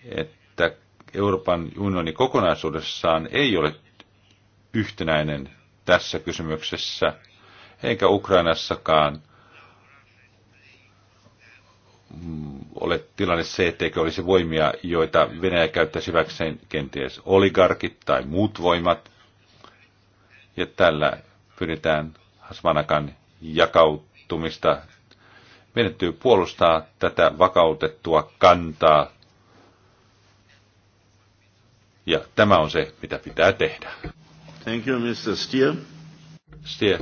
että Euroopan unioni kokonaisuudessaan ei ole yhtenäinen tässä kysymyksessä – eikä Ukrainassakaan ole tilanne se, etteikö olisi voimia, joita Venäjä käyttäisi hyväkseen kenties oligarkit tai muut voimat. Ja tällä pyritään Hasmanakan jakautumista. Meidän täytyy puolustaa tätä vakautettua kantaa. Ja tämä on se, mitä pitää tehdä. Thank you, Mr. Stier. Stier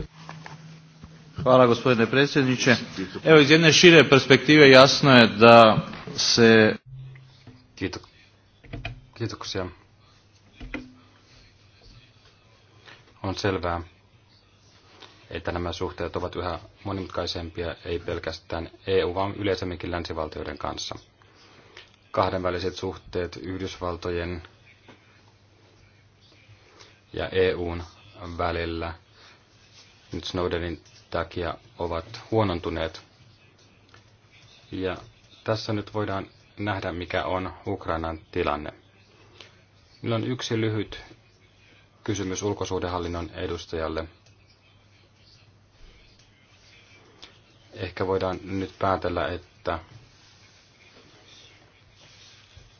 gospodine predsjedniče. Evo iz jedne šire perspektive jasno je da se... Kiitoksia. On selvää, että nämä suhteet ovat yhä monimutkaisempia, ei pelkästään EU, vaan yleisemminkin länsivaltioiden kanssa. Kahdenväliset suhteet Yhdysvaltojen ja EUn välillä nyt Snowdenin takia ovat huonontuneet. Ja tässä nyt voidaan nähdä, mikä on Ukrainan tilanne. Minulla on yksi lyhyt kysymys ulkosuhdehallinnon edustajalle. Ehkä voidaan nyt päätellä, että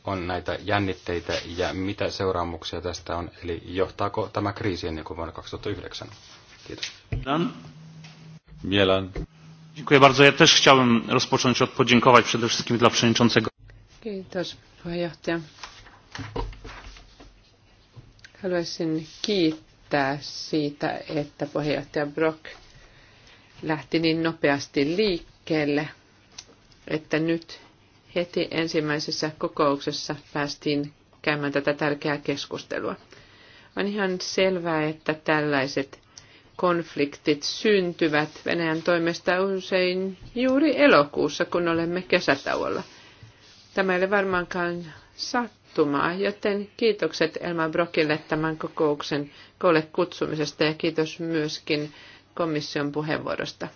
on näitä jännitteitä ja mitä seuraamuksia tästä on, eli johtaako tämä kriisi ennen kuin vuonna 2009? Kiitos. Mielan. Dziękuję bardzo. Ja też chciałbym rozpocząć od podziękować przede wszystkim dla przewodniczącego. Haluaisin kiittää siitä, että puheenjohtaja Brock lähti niin nopeasti liikkeelle, että nyt heti ensimmäisessä kokouksessa päästiin käymään tätä tärkeää keskustelua. On ihan selvää, että tällaiset konfliktit syntyvät Venäjän toimesta usein juuri elokuussa, kun olemme kesätauolla. Tämä ei ole varmaankaan sattumaa, joten kiitokset Elma Brokille tämän kokouksen koolle kutsumisesta ja kiitos myöskin komission puheenvuorosta.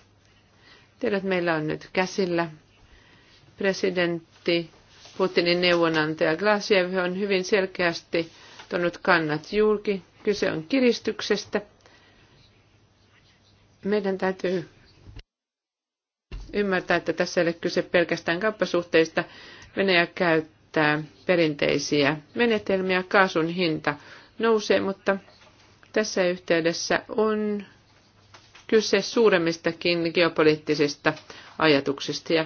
Tiedot meillä on nyt käsillä. Presidentti Putinin neuvonantaja Glasiev on hyvin selkeästi tuonut kannat julki. Kyse on kiristyksestä – meidän täytyy ymmärtää, että tässä ei ole kyse pelkästään kauppasuhteista. Venäjä käyttää perinteisiä menetelmiä, kaasun hinta nousee, mutta tässä yhteydessä on kyse suuremmistakin geopoliittisista ajatuksista. Ja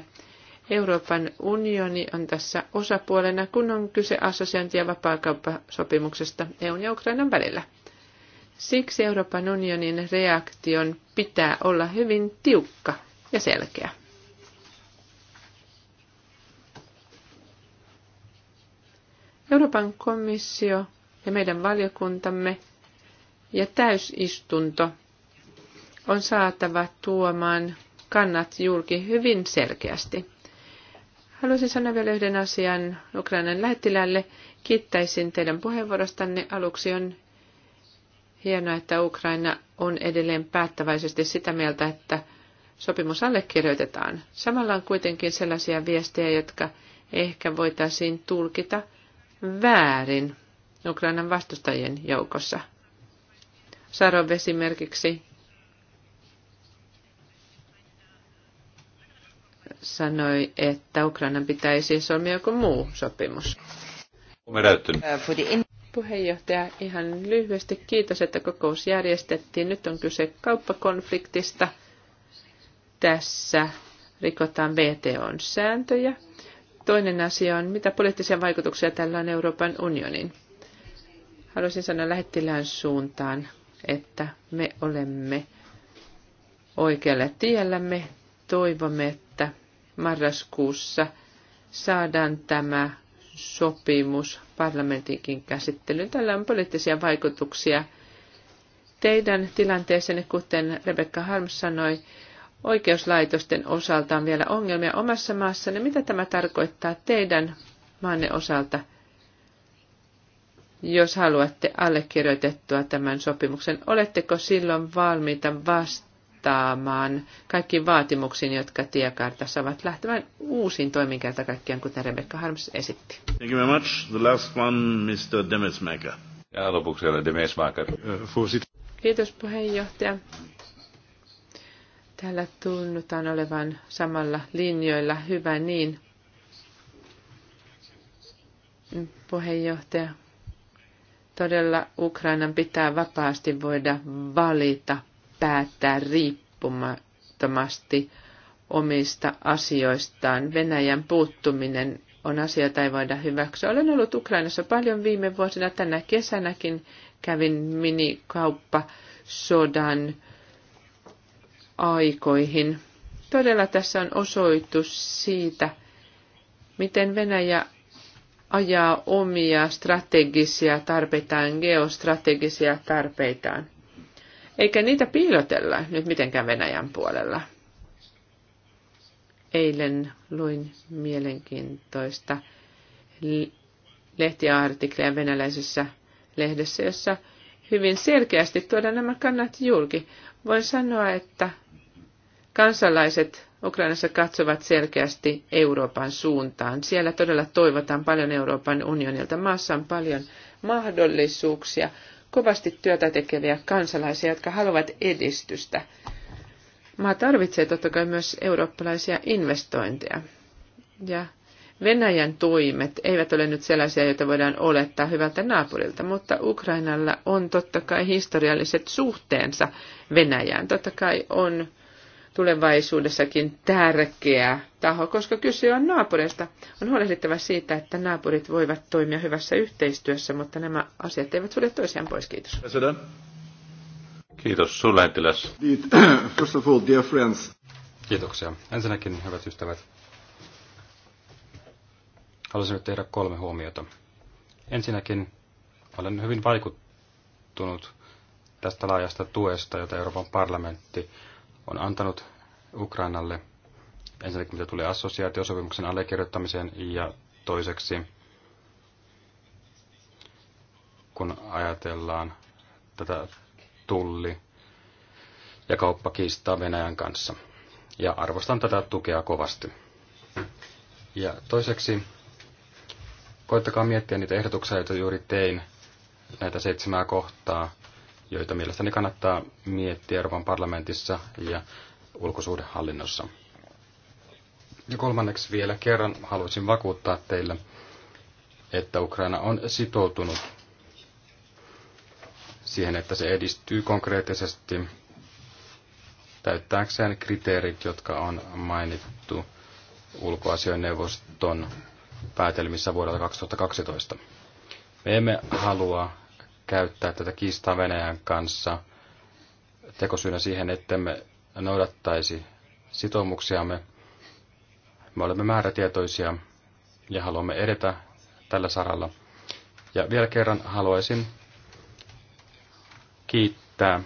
Euroopan unioni on tässä osapuolena, kun on kyse assosiointi- ja vapaakauppasopimuksesta EUn ja Ukrainan välillä. Siksi Euroopan unionin reaktion pitää olla hyvin tiukka ja selkeä. Euroopan komissio ja meidän valiokuntamme ja täysistunto on saatava tuomaan kannat julki hyvin selkeästi. Haluaisin sanoa vielä yhden asian Ukrainan lähettilälle. Kiittäisin teidän puheenvuorostanne. Aluksi on Hienoa, että Ukraina on edelleen päättäväisesti sitä mieltä, että sopimus allekirjoitetaan. Samalla on kuitenkin sellaisia viestejä, jotka ehkä voitaisiin tulkita väärin Ukrainan vastustajien joukossa. Sarov esimerkiksi sanoi, että Ukrainan pitäisi solmia joku muu sopimus. Puheenjohtaja, ihan lyhyesti kiitos, että kokous järjestettiin. Nyt on kyse kauppakonfliktista. Tässä rikotaan VTOn sääntöjä. Toinen asia on, mitä poliittisia vaikutuksia tällä on Euroopan unionin. Haluaisin sanoa lähettilään suuntaan, että me olemme oikealla tiellä. Me toivomme, että marraskuussa saadaan tämä sopimus parlamentinkin käsittelyyn. Tällä on poliittisia vaikutuksia teidän tilanteeseen, kuten Rebecca Harms sanoi, oikeuslaitosten osalta on vielä ongelmia omassa maassanne. Mitä tämä tarkoittaa teidän maanne osalta, jos haluatte allekirjoitettua tämän sopimuksen? Oletteko silloin valmiita vasta? vastaamaan kaikkiin vaatimuksiin, jotka tiekartassa ovat lähtevän uusiin toimiin kerta kaikkiaan, kuten Rebecca Harms esitti. Thank you very much. The last one, Mr. Demesmaker. Ja lopuksi vielä Demesmaker. Äh, Kiitos puheenjohtaja. Täällä tunnutaan olevan samalla linjoilla. Hyvä niin. Puheenjohtaja todella Ukrainan pitää vapaasti voida valita päättää riippumattomasti omista asioistaan. Venäjän puuttuminen on asia, jota ei voida hyväksyä. Olen ollut Ukrainassa paljon viime vuosina. Tänä kesänäkin kävin minikauppasodan aikoihin. Todella tässä on osoitus siitä, miten Venäjä ajaa omia strategisia tarpeitaan, geostrategisia tarpeitaan eikä niitä piilotella nyt mitenkään Venäjän puolella. Eilen luin mielenkiintoista lehtiartikleja venäläisessä lehdessä, jossa hyvin selkeästi tuoda nämä kannat julki. Voin sanoa, että kansalaiset Ukrainassa katsovat selkeästi Euroopan suuntaan. Siellä todella toivotaan paljon Euroopan unionilta. Maassa on paljon mahdollisuuksia, kovasti työtä tekeviä kansalaisia, jotka haluavat edistystä. Maa tarvitsee totta kai myös eurooppalaisia investointeja. Ja Venäjän toimet eivät ole nyt sellaisia, joita voidaan olettaa hyvältä naapurilta, mutta Ukrainalla on totta kai historialliset suhteensa Venäjään. Totta kai on tulevaisuudessakin tärkeä taho, koska kyse on naapureista. On huolehdittava siitä, että naapurit voivat toimia hyvässä yhteistyössä, mutta nämä asiat eivät sulje toisiaan pois. Kiitos. Kiitos suurlähettiläs. First of all, dear friends. Kiitoksia. Ensinnäkin, hyvät ystävät, haluaisin nyt tehdä kolme huomiota. Ensinnäkin olen hyvin vaikuttunut tästä laajasta tuesta, jota Euroopan parlamentti on antanut Ukrainalle ensinnäkin mitä tulee assosiaatiosopimuksen allekirjoittamiseen ja toiseksi kun ajatellaan tätä tulli- ja kauppakiistaa Venäjän kanssa. Ja arvostan tätä tukea kovasti. Ja toiseksi, koittakaa miettiä niitä ehdotuksia, joita juuri tein, näitä seitsemää kohtaa, joita mielestäni kannattaa miettiä Euroopan parlamentissa ja ulkosuhdehallinnossa. Ja kolmanneksi vielä kerran haluaisin vakuuttaa teille, että Ukraina on sitoutunut siihen, että se edistyy konkreettisesti täyttääkseen kriteerit, jotka on mainittu neuvoston päätelmissä vuodelta 2012. Me emme halua käyttää tätä kiistaa Venäjän kanssa tekosyynä siihen, että me noudattaisi sitoumuksiamme. Me olemme määrätietoisia ja haluamme edetä tällä saralla. Ja vielä kerran haluaisin kiittää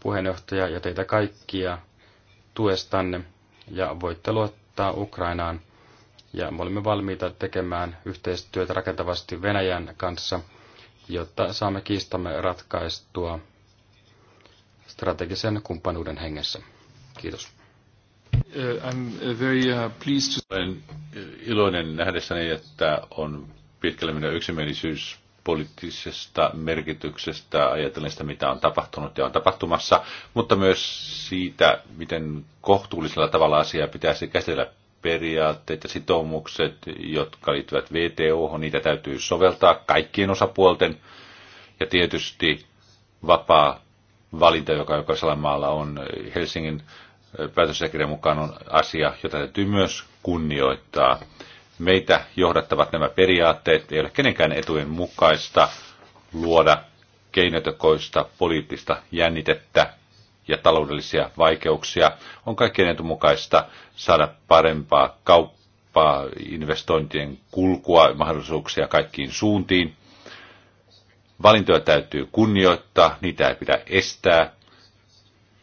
puheenjohtajaa ja teitä kaikkia tuestanne ja voitte luottaa Ukrainaan. Ja me olemme valmiita tekemään yhteistyötä rakentavasti Venäjän kanssa – jotta saamme kiistamme ratkaistua strategisen kumppanuuden hengessä. Kiitos. Uh, I'm uh, very uh, pleased to... Olen iloinen nähdessäni, että on pitkälle minun yksimielisyys poliittisesta merkityksestä, ajatellen sitä, mitä on tapahtunut ja on tapahtumassa, mutta myös siitä, miten kohtuullisella tavalla asiaa pitäisi käsitellä periaatteet ja sitoumukset, jotka liittyvät VTO, niitä täytyy soveltaa kaikkien osapuolten. Ja tietysti vapaa valinta, joka jokaisella maalla on Helsingin eh, päätössäkirjan mukaan on asia, jota täytyy myös kunnioittaa. Meitä johdattavat nämä periaatteet, ei ole kenenkään etujen mukaista luoda keinotekoista poliittista jännitettä ja taloudellisia vaikeuksia, on kaikkien etumukaista saada parempaa kauppaa, investointien kulkua, mahdollisuuksia kaikkiin suuntiin. Valintoja täytyy kunnioittaa, niitä ei pidä estää.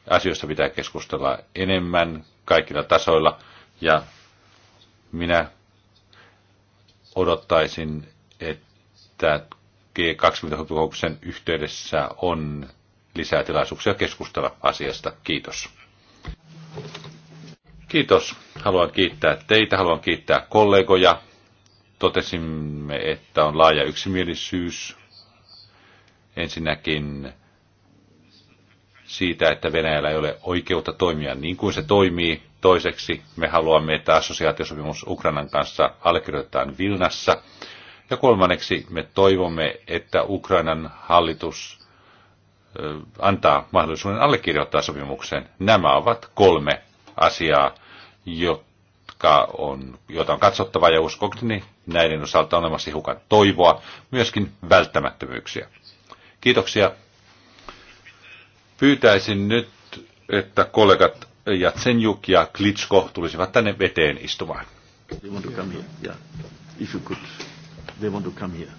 Asioista pitää keskustella enemmän kaikilla tasoilla ja minä odottaisin, että G20-kokouksen yhteydessä on lisää tilaisuuksia keskustella asiasta. Kiitos. Kiitos. Haluan kiittää teitä, haluan kiittää kollegoja. Totesimme, että on laaja yksimielisyys ensinnäkin siitä, että Venäjällä ei ole oikeutta toimia niin kuin se toimii. Toiseksi me haluamme, että assosiaatiosopimus Ukrainan kanssa allekirjoitetaan Vilnassa. Ja kolmanneksi me toivomme, että Ukrainan hallitus antaa mahdollisuuden allekirjoittaa sopimuksen. Nämä ovat kolme asiaa, jotka on, joita on katsottava ja uskokseni näiden osalta on olemassa hiukan toivoa, myöskin välttämättömyyksiä. Kiitoksia. Pyytäisin nyt, että kollegat Jatsenjuk ja Klitsko tulisivat tänne veteen istumaan. They want to come here.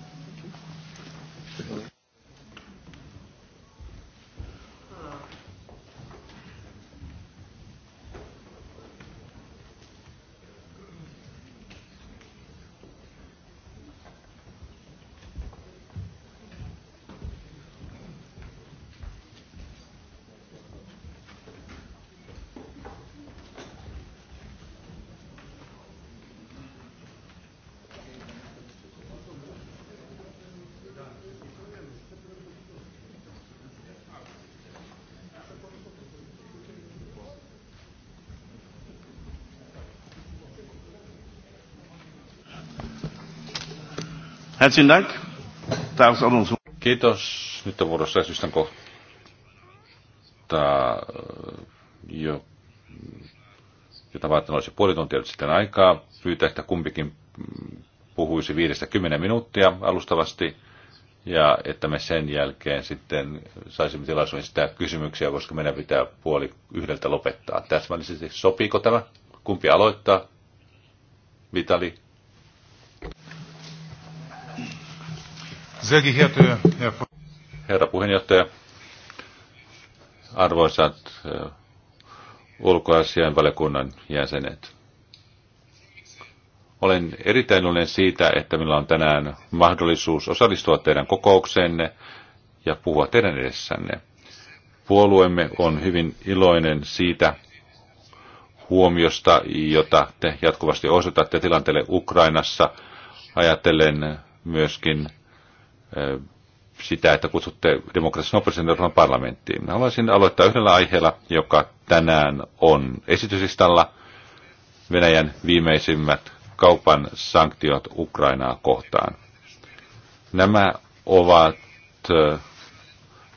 Herzlichen Dank. Kiitos. Nyt on vuorossa esitystän kohtaa, jo, jota vaatin olisi puoli tuntia nyt sitten aikaa. Pyytä, että kumpikin puhuisi viidestä kymmenen minuuttia alustavasti ja että me sen jälkeen sitten saisimme tilaisuuden sitä kysymyksiä, koska meidän pitää puoli yhdeltä lopettaa. Täsmällisesti sopiiko tämä? Kumpi aloittaa? Vitali Herra puheenjohtaja, arvoisat eh, ulkoasianvaliokunnan jäsenet. Olen erittäin iloinen siitä, että minulla on tänään mahdollisuus osallistua teidän kokoukseenne ja puhua teidän edessänne. Puolueemme on hyvin iloinen siitä huomiosta, jota te jatkuvasti osoitatte tilanteelle Ukrainassa, ajatellen myöskin sitä, että kutsutte demokraattisen opposition Euroopan parlamenttiin. Haluaisin aloittaa yhdellä aiheella, joka tänään on esityslistalla. Venäjän viimeisimmät kaupan sanktiot Ukrainaa kohtaan. Nämä ovat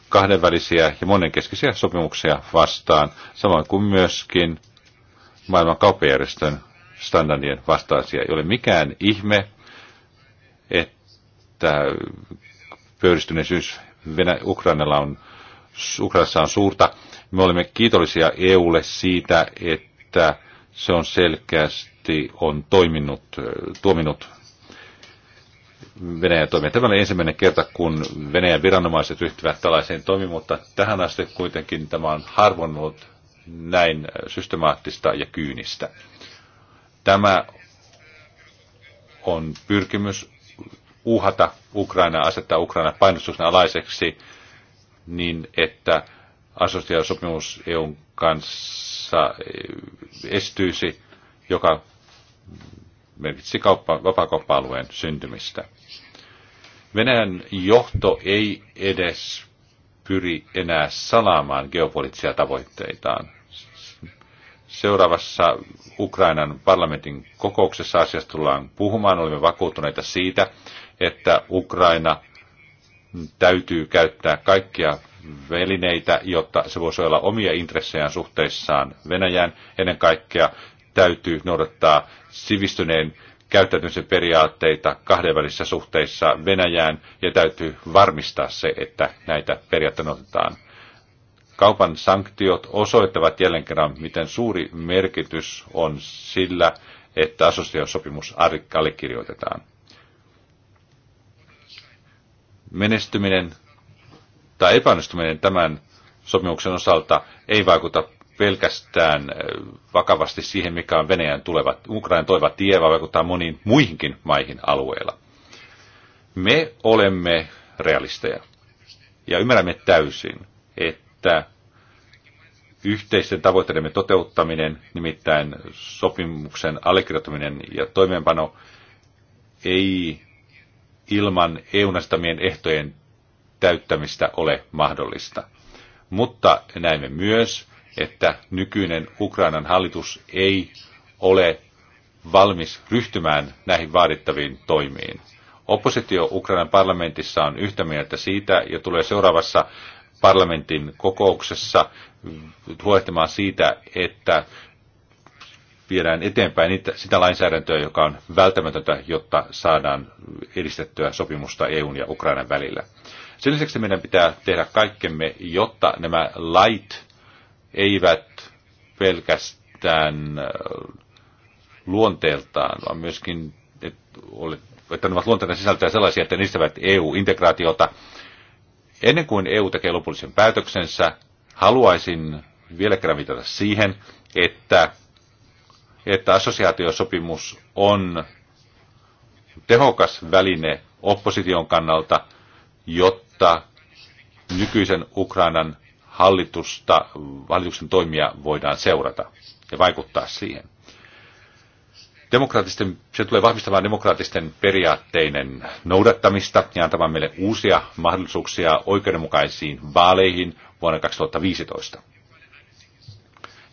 kahdenvälisiä ja monenkeskisiä sopimuksia vastaan, samoin kuin myöskin maailman kauppajärjestön standardien vastaisia. Ei ole mikään ihme, että pöyristyneisyys Ukrainalla on, Ukrainassa on suurta. Me olemme kiitollisia EUlle siitä, että se on selkeästi on toiminut, tuominut Venäjän toimia. Tämä oli ensimmäinen kerta, kun Venäjän viranomaiset ryhtyvät tällaiseen toimiin, mutta tähän asti kuitenkin tämä on harvoin ollut näin systemaattista ja kyynistä. Tämä on pyrkimys uhata Ukraina asettaa Ukraina painostuksen alaiseksi niin, että assosiaatiosopimus EUn kanssa eh, estyisi, joka merkitsi kauppa, vapaakauppa-alueen syntymistä. Venäjän johto ei edes pyri enää salaamaan geopoliittisia tavoitteitaan. Seuraavassa Ukrainan parlamentin kokouksessa asiasta tullaan puhumaan. Olemme vakuuttuneita siitä, että Ukraina täytyy käyttää kaikkia välineitä, jotta se voisi olla omia intressejään suhteissaan Venäjään. Ennen kaikkea täytyy noudattaa sivistyneen käyttäytymisen periaatteita kahdenvälisissä suhteissa Venäjään ja täytyy varmistaa se, että näitä periaatteita otetaan. Kaupan sanktiot osoittavat jälleen kerran, miten suuri merkitys on sillä, että asustajosopimus allekirjoitetaan menestyminen tai epäonnistuminen tämän sopimuksen osalta ei vaikuta pelkästään vakavasti siihen, mikä on Venäjän tulevat, Ukrainan toiva tie, vaan vaikuttaa moniin muihinkin maihin alueella. Me olemme realisteja ja ymmärrämme täysin, että yhteisten tavoitteidemme toteuttaminen, nimittäin sopimuksen allekirjoittaminen ja toimeenpano, ei ilman EU:n nastamien ehtojen täyttämistä ole mahdollista. Mutta näemme myös, että nykyinen Ukrainan hallitus ei ole valmis ryhtymään näihin vaadittaviin toimiin. Oppositio Ukrainan parlamentissa on yhtä mieltä siitä ja tulee seuraavassa parlamentin kokouksessa huolehtimaan siitä, että viedään eteenpäin niitä, sitä lainsäädäntöä, joka on välttämätöntä, jotta saadaan edistettyä sopimusta EUn ja Ukrainan välillä. Sen lisäksi meidän pitää tehdä kaikkemme, jotta nämä lait eivät pelkästään äh, luonteeltaan, vaan myöskin, että ne ovat luonteeltaan sisältöä sellaisia, että ne edistävät EU-integraatiota. Ennen kuin EU tekee lopullisen päätöksensä, haluaisin vielä kerran viitata siihen, että että assosiaatiosopimus on tehokas väline opposition kannalta, jotta nykyisen Ukrainan hallitusta, hallituksen toimia voidaan seurata ja vaikuttaa siihen. Demokraattisten, se tulee vahvistamaan demokraattisten periaatteiden noudattamista ja antamaan meille uusia mahdollisuuksia oikeudenmukaisiin vaaleihin vuonna 2015.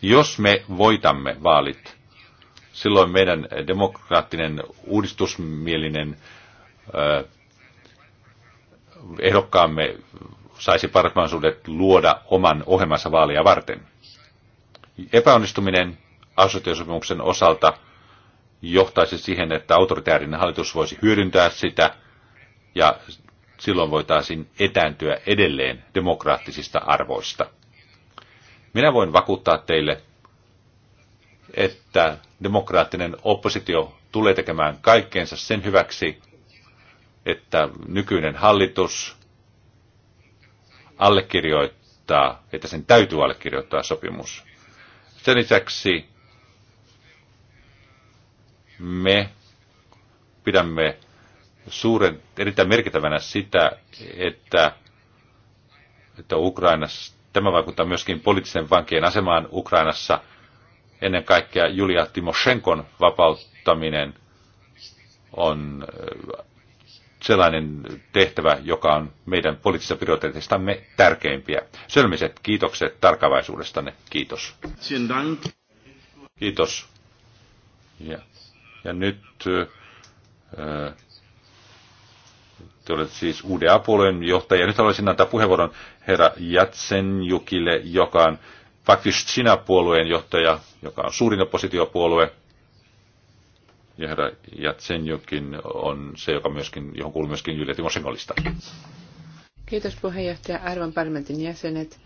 Jos me voitamme vaalit, silloin meidän demokraattinen uudistusmielinen ehdokkaamme saisi parhaat luoda oman ohjelmansa vaalia varten. Epäonnistuminen asuntosopimuksen osalta johtaisi siihen, että autoritäärinen hallitus voisi hyödyntää sitä ja silloin voitaisiin etääntyä edelleen demokraattisista arvoista. Minä voin vakuuttaa teille, että demokraattinen oppositio tulee tekemään kaikkeensa sen hyväksi, että nykyinen hallitus allekirjoittaa, että sen täytyy allekirjoittaa sopimus. Sen lisäksi me pidämme suuren, erittäin merkittävänä sitä, että, että Ukrainassa, tämä vaikuttaa myöskin poliittisen vankien asemaan Ukrainassa – Ennen kaikkea Julia Timoshenkon vapauttaminen on äh, sellainen tehtävä, joka on meidän poliittisista prioriteeteistamme tärkeimpiä. Sölmiset kiitokset tarkavaisuudestanne. Kiitos. Kiitos. Ja, ja nyt äh, te olette siis UDA-puolueen johtaja. Nyt haluaisin antaa puheenvuoron herra Jatsenjukille, joka on sinä puolueen johtaja, joka on suurin oppositiopuolue, ja herra Jatsenjokin on se, joka myöskin, johon kuuluu myöskin Julia Timosengolista. Kiitos puheenjohtaja Arvon parlamentin jäsenet.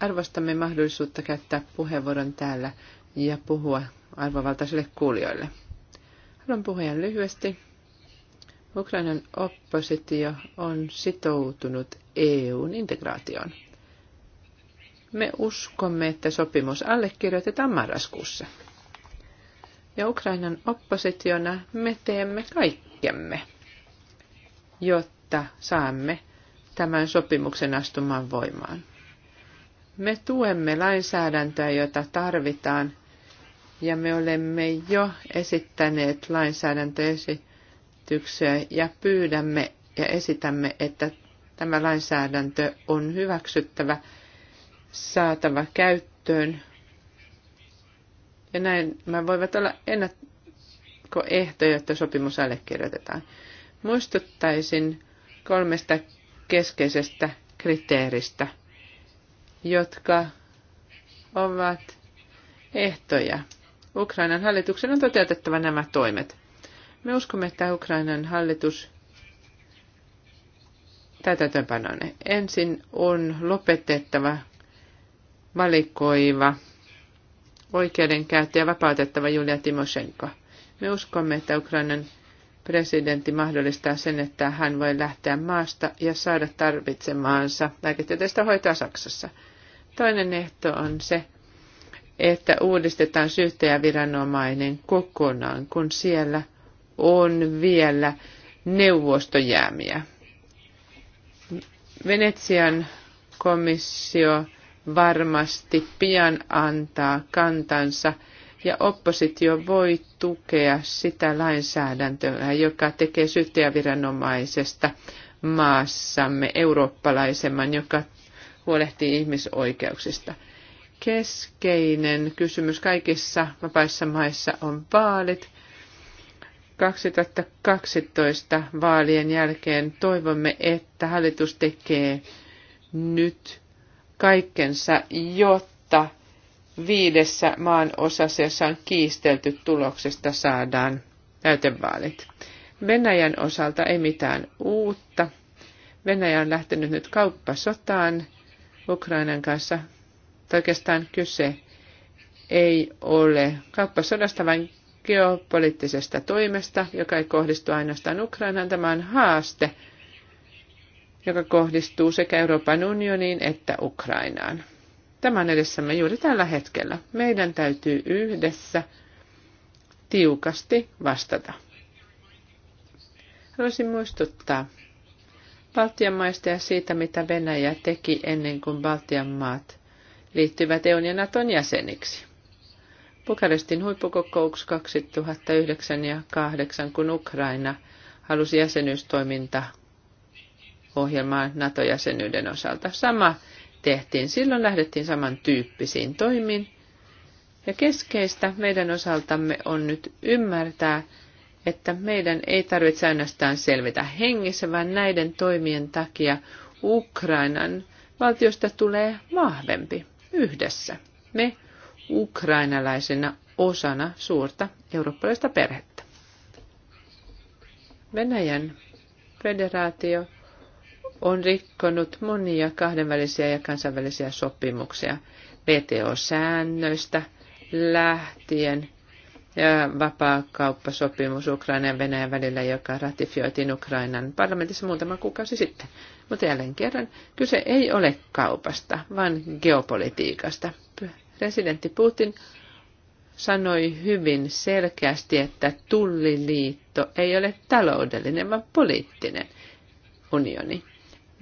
Arvostamme mahdollisuutta käyttää puheenvuoron täällä ja puhua arvovaltaisille kuulijoille. Haluan puhua lyhyesti. Ukrainan oppositio on sitoutunut EUn integraatioon. Me uskomme, että sopimus allekirjoitetaan marraskuussa. Ja Ukrainan oppositiona me teemme kaikkemme, jotta saamme tämän sopimuksen astumaan voimaan. Me tuemme lainsäädäntöä, jota tarvitaan, ja me olemme jo esittäneet lainsäädäntöesityksiä ja pyydämme ja esitämme, että tämä lainsäädäntö on hyväksyttävä – saatava käyttöön. Ja näin mä voivat olla ennakkoehtoja, että sopimus allekirjoitetaan. Muistuttaisin kolmesta keskeisestä kriteeristä, jotka ovat ehtoja. Ukrainan hallituksen on toteutettava nämä toimet. Me uskomme, että Ukrainan hallitus täytäntöönpanoinen. Ensin on lopetettava valikoiva oikeudenkäyttäjä vapautettava Julia Timoshenko. Me uskomme, että Ukrainan presidentti mahdollistaa sen, että hän voi lähteä maasta ja saada tarvitsemaansa lääketieteistä hoitoa Saksassa. Toinen ehto on se, että uudistetaan syyttäjäviranomainen kokonaan, kun siellä on vielä neuvostojäämiä. Venetsian komissio varmasti pian antaa kantansa ja oppositio voi tukea sitä lainsäädäntöä, joka tekee syyttäjäviranomaisesta maassamme eurooppalaisemman, joka huolehtii ihmisoikeuksista. Keskeinen kysymys kaikissa vapaissa maissa on vaalit. 2012 vaalien jälkeen toivomme, että hallitus tekee nyt kaikkensa, jotta viidessä maan osassa, jossa on kiistelty tuloksesta, saadaan näytevaalit. Venäjän osalta ei mitään uutta. Venäjä on lähtenyt nyt kauppasotaan Ukrainan kanssa. oikeastaan kyse ei ole kauppasodasta, vaan geopoliittisesta toimesta, joka ei kohdistu ainoastaan Ukrainaan. Tämä on haaste joka kohdistuu sekä Euroopan unioniin että Ukrainaan. Tämä on edessämme juuri tällä hetkellä. Meidän täytyy yhdessä tiukasti vastata. Haluaisin muistuttaa Baltian maista ja siitä, mitä Venäjä teki ennen kuin Baltian maat liittyvät EUn ja Naton jäseniksi. Bukarestin huippukokouks 2009 ja 2008, kun Ukraina halusi jäsenyystoiminta ohjelmaa NATO-jäsenyyden osalta. Sama tehtiin. Silloin lähdettiin samantyyppisiin toimiin. Ja keskeistä meidän osaltamme on nyt ymmärtää, että meidän ei tarvitse ainoastaan selvitä hengissä, vaan näiden toimien takia Ukrainan valtiosta tulee vahvempi yhdessä. Me ukrainalaisena osana suurta eurooppalaista perhettä. Venäjän federaatio on rikkonut monia kahdenvälisiä ja kansainvälisiä sopimuksia VTO-säännöistä lähtien ja vapaakauppasopimus Ukrainan ja Venäjän välillä, joka ratifioitiin Ukrainan parlamentissa muutama kuukausi sitten. Mutta jälleen kerran kyse ei ole kaupasta, vaan geopolitiikasta. Presidentti Putin sanoi hyvin selkeästi, että tulliliitto ei ole taloudellinen, vaan poliittinen unioni.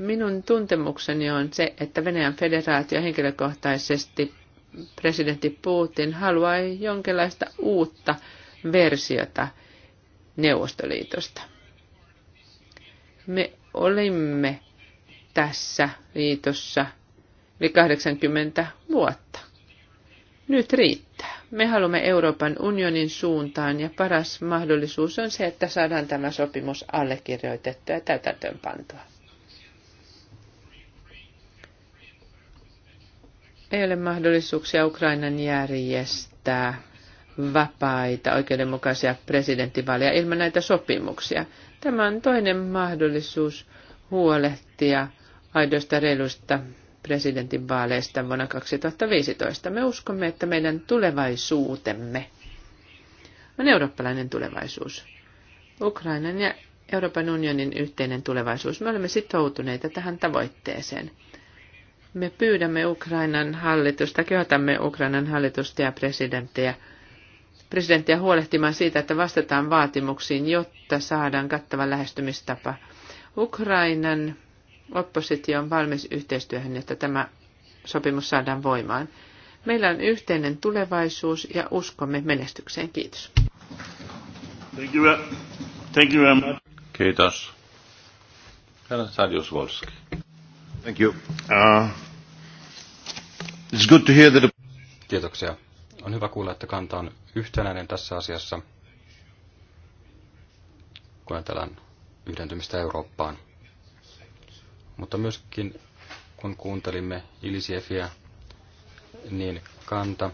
Minun tuntemukseni on se, että Venäjän federaatio henkilökohtaisesti presidentti Putin haluaa jonkinlaista uutta versiota Neuvostoliitosta. Me olimme tässä liitossa yli 80 vuotta. Nyt riittää. Me haluamme Euroopan unionin suuntaan ja paras mahdollisuus on se, että saadaan tämä sopimus allekirjoitettua ja täytäntöönpantua. ei ole mahdollisuuksia Ukrainan järjestää vapaita, oikeudenmukaisia presidenttivaaleja ilman näitä sopimuksia. Tämä on toinen mahdollisuus huolehtia aidoista reiluista presidentinvaaleista vuonna 2015. Me uskomme, että meidän tulevaisuutemme on eurooppalainen tulevaisuus. Ukrainan ja Euroopan unionin yhteinen tulevaisuus. Me olemme sitoutuneita tähän tavoitteeseen. Me pyydämme Ukrainan hallitusta, kehotamme Ukrainan hallitusta ja presidenttiä, presidenttiä huolehtimaan siitä, että vastataan vaatimuksiin, jotta saadaan kattava lähestymistapa. Ukrainan oppositio on valmis yhteistyöhön, jotta tämä sopimus saadaan voimaan. Meillä on yhteinen tulevaisuus ja uskomme menestykseen. Kiitos. Thank you. Thank you. Kiitos. Herra Volski. Thank you. Uh, it's good to hear that... Kiitoksia. On hyvä kuulla, että kanta on yhtenäinen tässä asiassa, kun ajatellaan yhdentymistä Eurooppaan. Mutta myöskin kun kuuntelimme Ilisiefiä, niin kanta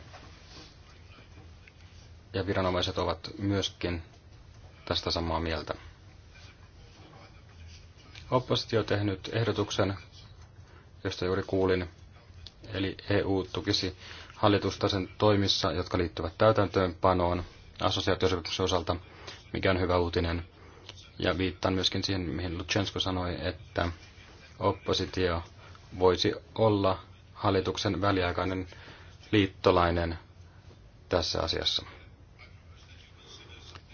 ja viranomaiset ovat myöskin tästä samaa mieltä. Oppositio on tehnyt ehdotuksen josta juuri kuulin. Eli EU tukisi hallitusta sen toimissa, jotka liittyvät täytäntöönpanoon assosiaatiosopimuksen osalta, mikä on hyvä uutinen. Ja viittaan myöskin siihen, mihin Lutsensko sanoi, että oppositio voisi olla hallituksen väliaikainen liittolainen tässä asiassa.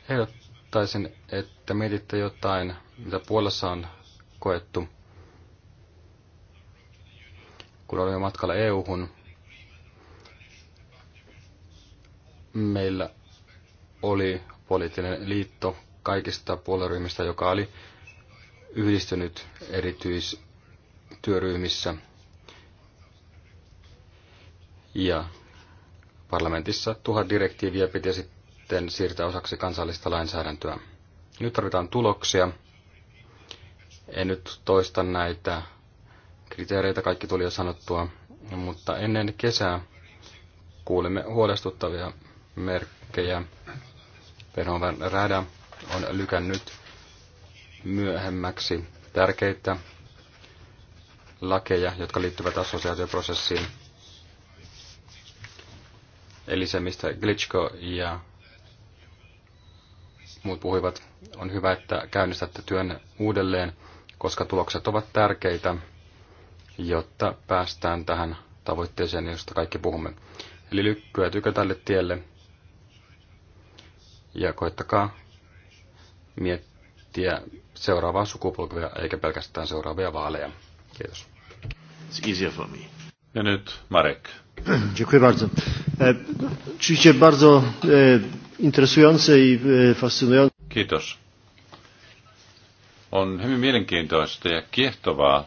Ehdottaisin, että mietitte jotain, mitä Puolassa on koettu kun olemme matkalla EU-hun, meillä oli poliittinen liitto kaikista puolueryhmistä, joka oli yhdistynyt erityistyöryhmissä ja parlamentissa tuhat direktiiviä piti sitten siirtää osaksi kansallista lainsäädäntöä. Nyt tarvitaan tuloksia. En nyt toista näitä Kriteereitä kaikki tuli jo sanottua, mutta ennen kesää kuulemme huolestuttavia merkkejä. Venovan rada on lykännyt myöhemmäksi tärkeitä lakeja, jotka liittyvät assosiaatioprosessiin. Eli se, mistä Glitchko ja muut puhuivat, on hyvä, että käynnistätte työn uudelleen, koska tulokset ovat tärkeitä jotta päästään tähän tavoitteeseen, josta kaikki puhumme. Eli lykkyä tykö tälle tielle ja koittakaa miettiä seuraavaa sukupolvia eikä pelkästään seuraavia vaaleja. Kiitos. It's easier for me. Ja nyt Marek. Dziękuję bardzo. E, oczywiście bardzo e, interesujące i e, fascynujące. Kiitos. On hyvin mielenkiintoista ja kiehtovaa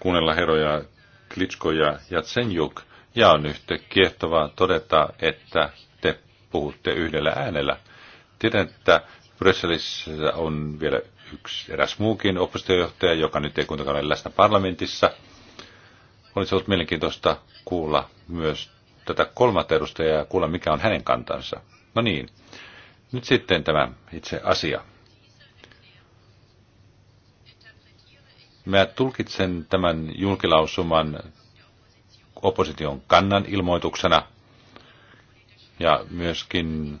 kuunnella herroja Klitsko ja Jatsenjuk, ja on yhtä kiehtovaa todeta, että te puhutte yhdellä äänellä. Tiedän, että Brysselissä on vielä yksi eräs muukin oppositiojohtaja, joka nyt ei kuitenkaan ole läsnä parlamentissa. Olisi ollut mielenkiintoista kuulla myös tätä kolmatta edustajaa ja kuulla, mikä on hänen kantansa. No niin, nyt sitten tämä itse asia. Mä tulkitsen tämän julkilausuman opposition kannan ilmoituksena ja myöskin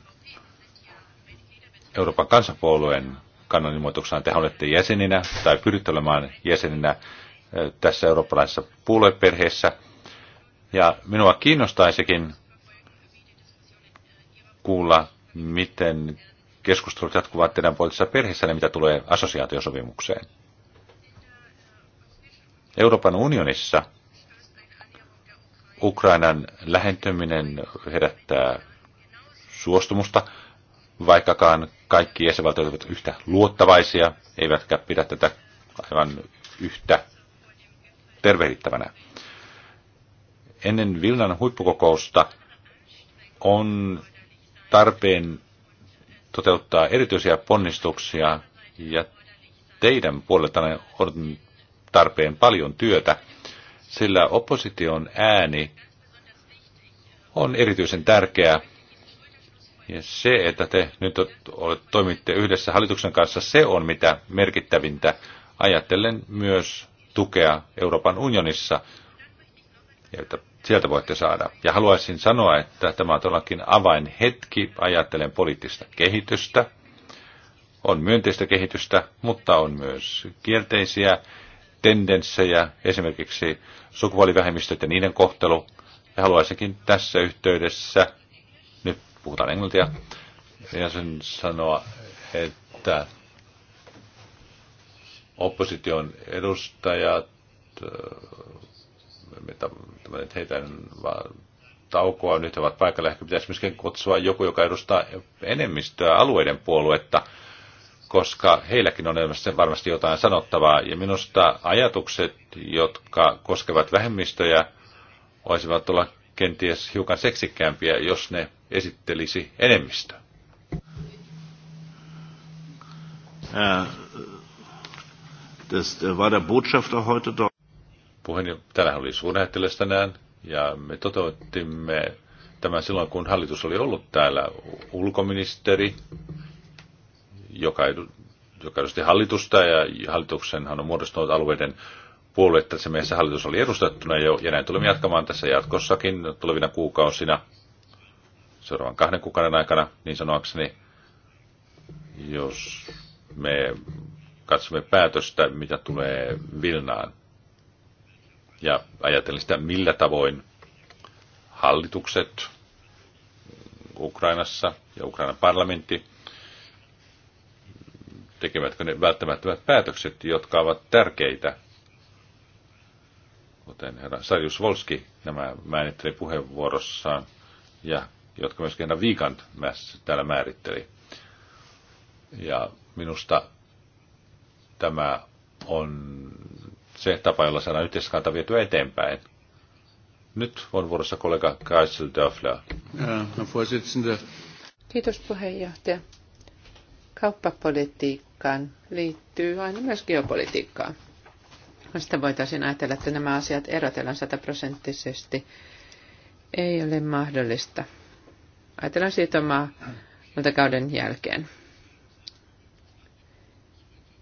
Euroopan kansanpuolueen kannan ilmoituksena. Te olette jäseninä tai pyritte olemaan jäseninä tässä eurooppalaisessa puolueperheessä. Ja minua kiinnostaisikin kuulla, miten keskustelut jatkuvat teidän poliittisessa perheessä, mitä tulee assosiaatiosopimukseen. Euroopan unionissa Ukrainan lähentyminen herättää suostumusta, vaikkakaan kaikki jäsenvaltiot ovat yhtä luottavaisia, eivätkä pidä tätä aivan yhtä tervehdittävänä. Ennen Vilnan huippukokousta on tarpeen toteuttaa erityisiä ponnistuksia ja teidän puoleltanne on tarpeen paljon työtä, sillä opposition ääni on erityisen tärkeää. Ja se, että te nyt toimitte yhdessä hallituksen kanssa, se on mitä merkittävintä. Ajattelen myös tukea Euroopan unionissa, että sieltä voitte saada. Ja haluaisin sanoa, että tämä on todellakin avainhetki, ajattelen poliittista kehitystä. On myönteistä kehitystä, mutta on myös kielteisiä tendenssejä, esimerkiksi sukupuolivähemmistöt ja niiden kohtelu. Ja haluaisinkin tässä yhteydessä, nyt puhutaan englantia, ja sen sanoa, että opposition edustajat, äh, heitä taukoa, nyt ovat paikalla, ehkä pitäisi myöskin kutsua joku, joka edustaa enemmistöä alueiden puoluetta – koska heilläkin on elämässä varmasti jotain sanottavaa. Ja minusta ajatukset, jotka koskevat vähemmistöjä, olisivat olla kenties hiukan seksikkäämpiä, jos ne esittelisi enemmistö. Äh, das äh, oli suurlähettiläs tänään ja me toteutimme tämän silloin, kun hallitus oli ollut täällä ulkoministeri joka, joka edusti hallitusta ja hallituksenhan on muodostunut alueiden puolue, että se meissä hallitus oli edustettuna jo, ja näin tulemme jatkamaan tässä jatkossakin tulevina kuukausina, seuraavan kahden kuukauden aikana, niin sanoakseni, jos me katsomme päätöstä, mitä tulee Vilnaan, ja ajatellen sitä, millä tavoin hallitukset Ukrainassa ja Ukrainan parlamentti tekevätkö ne välttämättömät päätökset, jotka ovat tärkeitä. Kuten herra Sarjus Volski nämä määritteli puheenvuorossaan ja jotka myöskin herra Viikant täällä määritteli. Ja minusta tämä on se tapa, jolla saadaan yhteiskunta vietyä eteenpäin. Nyt on vuorossa kollega Kaisel Döfler. Kiitos puheenjohtaja. Kauppapolitiikka politiikkaan liittyy aina myös geopolitiikkaan. No, sitä voitaisiin ajatella, että nämä asiat erotellaan sataprosenttisesti. Ei ole mahdollista. Ajatellaan siitä omaa kauden jälkeen.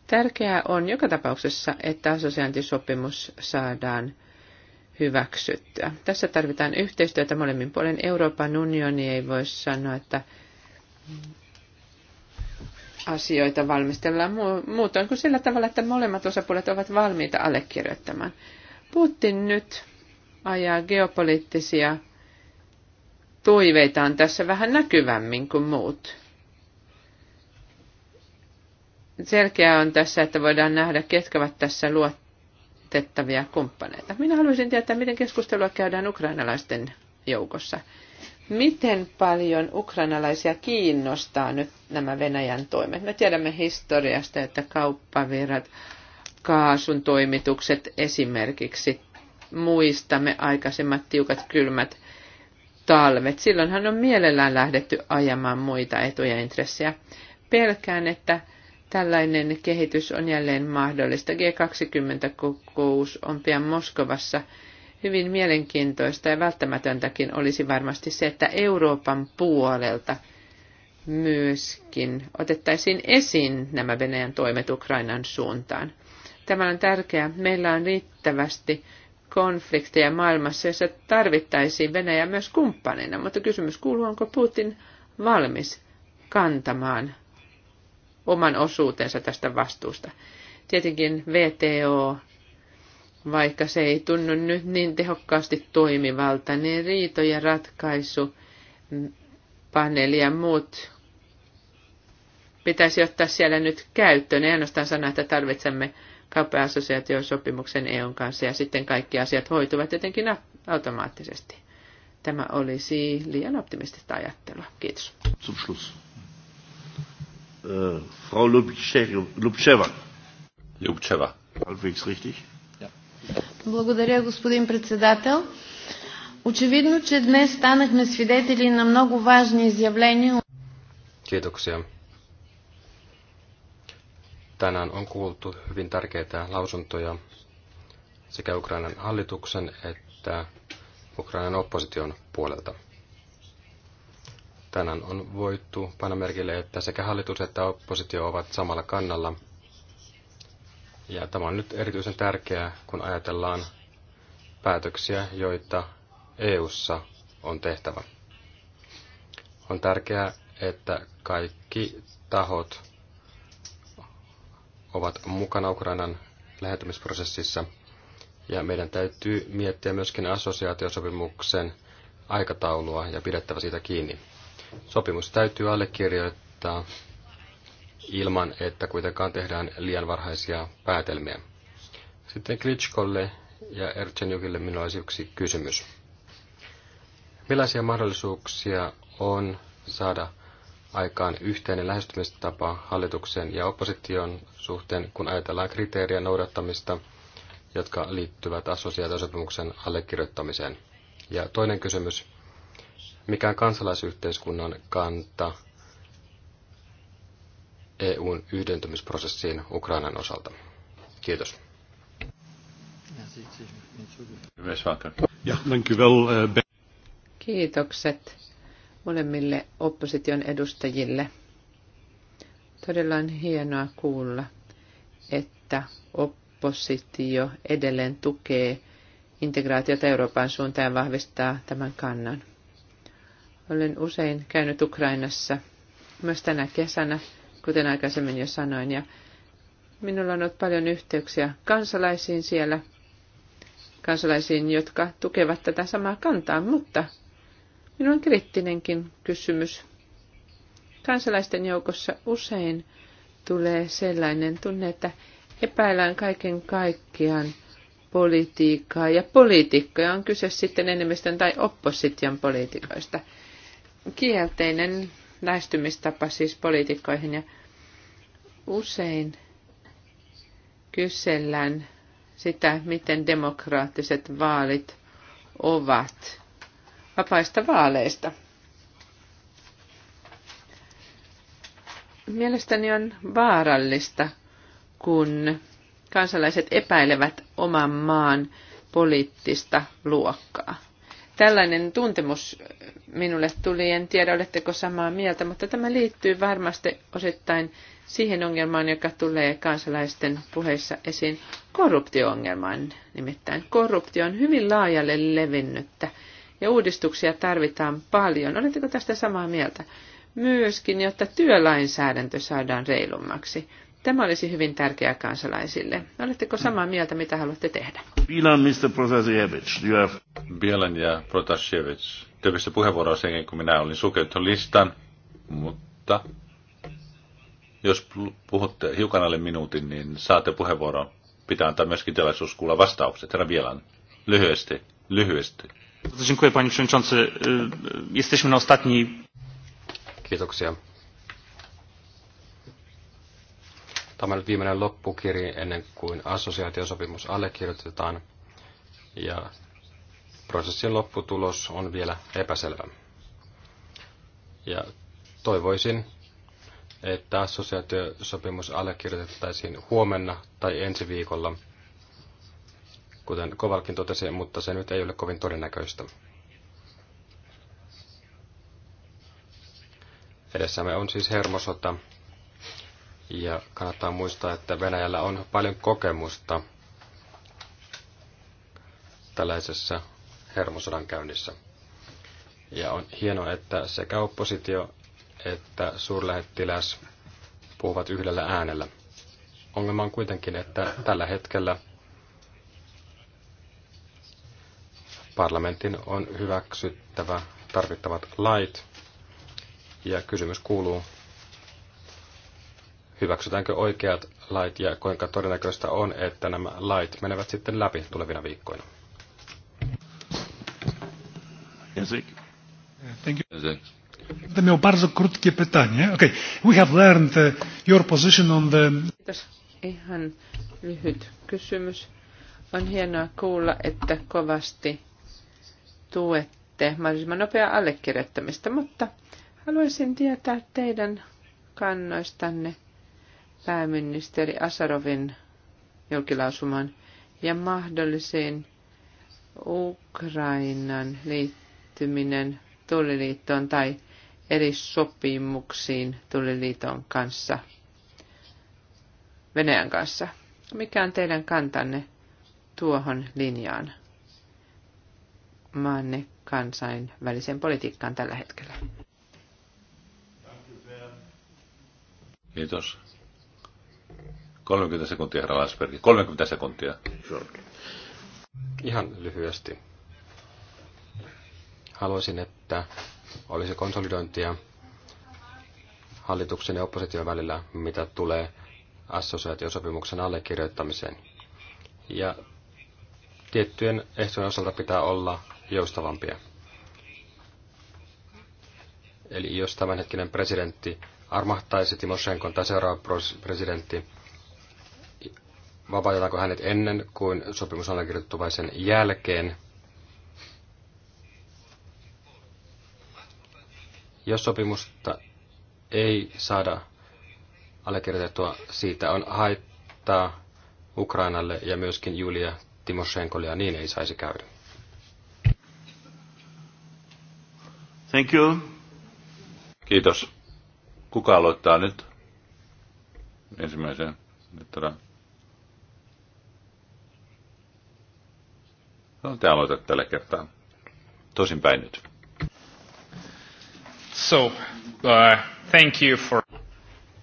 Tärkeää on joka tapauksessa, että assosiointisopimus saadaan hyväksyttyä. Tässä tarvitaan yhteistyötä molemmin puolen. Euroopan unioni ei voi sanoa, että asioita valmistellaan muutoin kuin sillä tavalla, että molemmat osapuolet ovat valmiita allekirjoittamaan. Putin nyt ajaa geopoliittisia toiveitaan tässä vähän näkyvämmin kuin muut. Selkeää on tässä, että voidaan nähdä, ketkä ovat tässä luotettavia kumppaneita. Minä haluaisin tietää, miten keskustelua käydään ukrainalaisten joukossa. Miten paljon ukrainalaisia kiinnostaa nyt nämä Venäjän toimet? Me tiedämme historiasta, että kauppavirrat, kaasun toimitukset esimerkiksi, muistamme aikaisemmat tiukat kylmät talvet. Silloinhan on mielellään lähdetty ajamaan muita etuja intressejä. Pelkään, että tällainen kehitys on jälleen mahdollista. G20-kokous on pian Moskovassa – hyvin mielenkiintoista ja välttämätöntäkin olisi varmasti se, että Euroopan puolelta myöskin otettaisiin esiin nämä Venäjän toimet Ukrainan suuntaan. Tämä on tärkeää. Meillä on riittävästi konflikteja maailmassa, joissa tarvittaisiin Venäjä myös kumppanina, mutta kysymys kuuluu, onko Putin valmis kantamaan oman osuutensa tästä vastuusta. Tietenkin VTO vaikka se ei tunnu nyt niin tehokkaasti toimivalta, niin riitojen ratkaisu mm, paneeli ja muut pitäisi ottaa siellä nyt käyttöön. Ei ainoastaan sanoa, että tarvitsemme kauppa-assosiaatiosopimuksen EUn kanssa ja sitten kaikki asiat hoituvat jotenkin automaattisesti. Tämä olisi liian optimistista ajattelua. Kiitos. Zum Schluss. Äh, Frau Lubcheva. Lubcheva. Halbwegs richtig. Благодаря, господин председател. Очевидно, че днес станахме свидетели на много важни изявления. Kiitoksia. Tänään on kuultu hyvin tärkeitä lausuntoja sekä Ukrainan hallituksen että Ukrainan opposition puolelta. Tänään on voittu panna merkille, että sekä hallitus että oppositio ovat samalla kannalla ja tämä on nyt erityisen tärkeää, kun ajatellaan päätöksiä, joita EU:ssa on tehtävä. On tärkeää, että kaikki tahot ovat mukana Ukrainan lähetämisprosessissa, Ja meidän täytyy miettiä myöskin assosiaatiosopimuksen aikataulua ja pidettävä siitä kiinni. Sopimus täytyy allekirjoittaa ilman, että kuitenkaan tehdään liian varhaisia päätelmiä. Sitten Klitschkolle ja Erchenjukille minulla olisi yksi kysymys. Millaisia mahdollisuuksia on saada aikaan yhteinen lähestymistapa hallituksen ja opposition suhteen, kun ajatellaan kriteerien noudattamista, jotka liittyvät assosiaatiosopimuksen allekirjoittamiseen? Ja toinen kysymys, mikä on kansalaisyhteiskunnan kanta EUn yhdentymisprosessiin Ukrainan osalta. Kiitos. Kiitokset molemmille opposition edustajille. Todella on hienoa kuulla, että oppositio edelleen tukee integraatiota Euroopan suuntaan ja vahvistaa tämän kannan. Olen usein käynyt Ukrainassa myös tänä kesänä kuten aikaisemmin jo sanoin. Ja minulla on ollut paljon yhteyksiä kansalaisiin siellä, kansalaisiin, jotka tukevat tätä samaa kantaa, mutta minun on kriittinenkin kysymys. Kansalaisten joukossa usein tulee sellainen tunne, että epäillään kaiken kaikkiaan politiikkaa ja poliitikkoja, on kyse sitten enemmistön tai opposition poliitikoista. Kielteinen lähestymistapa siis poliitikkoihin ja usein kysellään sitä, miten demokraattiset vaalit ovat vapaista vaaleista. Mielestäni on vaarallista, kun kansalaiset epäilevät oman maan poliittista luokkaa. Tällainen tuntemus minulle tuli, en tiedä oletteko samaa mieltä, mutta tämä liittyy varmasti osittain siihen ongelmaan, joka tulee kansalaisten puheissa esiin, korruptioongelmaan nimittäin. Korruptio on hyvin laajalle levinnyttä ja uudistuksia tarvitaan paljon. Oletteko tästä samaa mieltä? Myöskin, jotta työlainsäädäntö saadaan reilummaksi. Tämä olisi hyvin tärkeää kansalaisille. Oletteko samaa mieltä, mitä haluatte tehdä? Bilan, Mr. Protasiewicz, you have... Bielan ja Protasiewicz. Tyypistä puheenvuoroa sen, kun minä olin sukeuttanut listan, mutta jos puhutte hiukan alle minuutin, niin saatte puheenvuoron. Pitää antaa myöskin tilaisuus kuulla vastaukset. Herra Bielan, lyhyesti, lyhyesti. Dziękuję, panie przewodniczący. Jesteśmy na ostatniej... Kiitoksia. Tämä on nyt viimeinen loppukiri ennen kuin assosiaatiosopimus allekirjoitetaan ja prosessin lopputulos on vielä epäselvä. Ja toivoisin, että assosiaatiosopimus allekirjoitettaisiin huomenna tai ensi viikolla, kuten Kovalkin totesi, mutta se nyt ei ole kovin todennäköistä. Edessämme on siis hermosota, ja kannattaa muistaa, että Venäjällä on paljon kokemusta tällaisessa hermosodan käynnissä. Ja on hienoa, että sekä oppositio että suurlähettiläs puhuvat yhdellä äänellä. Ongelma on kuitenkin, että tällä hetkellä parlamentin on hyväksyttävä tarvittavat lait. Ja kysymys kuuluu, hyväksytäänkö oikeat lait ja kuinka todennäköistä on, että nämä lait menevät sitten läpi tulevina viikkoina. Thank you. Będę miał bardzo krótkie pytanie. Okay. We have learned uh, your position on the... Kiitos. Ihan lyhyt kysymys. On hienoa kuulla, että kovasti tuette mahdollisimman nopeaa allekirjoittamista, mutta haluaisin tietää teidän kannoistanne pääministeri Asarovin julkilausuman ja mahdolliseen Ukrainan liittyminen tulliliittoon tai eri sopimuksiin tulliliiton kanssa, Venäjän kanssa. Mikä on teidän kantanne tuohon linjaan maanne kansainväliseen politiikkaan tällä hetkellä? Kiitos. 30 sekuntia, herra Lansberg. 30 sekuntia. Ihan lyhyesti. Haluaisin, että olisi konsolidointia hallituksen ja opposition välillä, mitä tulee assosiaatiosopimuksen allekirjoittamiseen. Ja tiettyjen ehtojen osalta pitää olla joustavampia. Eli jos tämänhetkinen presidentti armahtaisi Timoshenkon tai seuraava presidentti, vapautetaanko hänet ennen kuin sopimus on allekirjoitettu vai sen jälkeen. Jos sopimusta ei saada allekirjoitettua, siitä on haittaa Ukrainalle ja myöskin Julia Timoshenkolle, ja niin ei saisi käydä. Thank you. Kiitos. Kuka aloittaa nyt? Ensimmäisen. Nyt No, te aloitat tällä kertaa. Tosin päin nyt. So, uh, thank you for...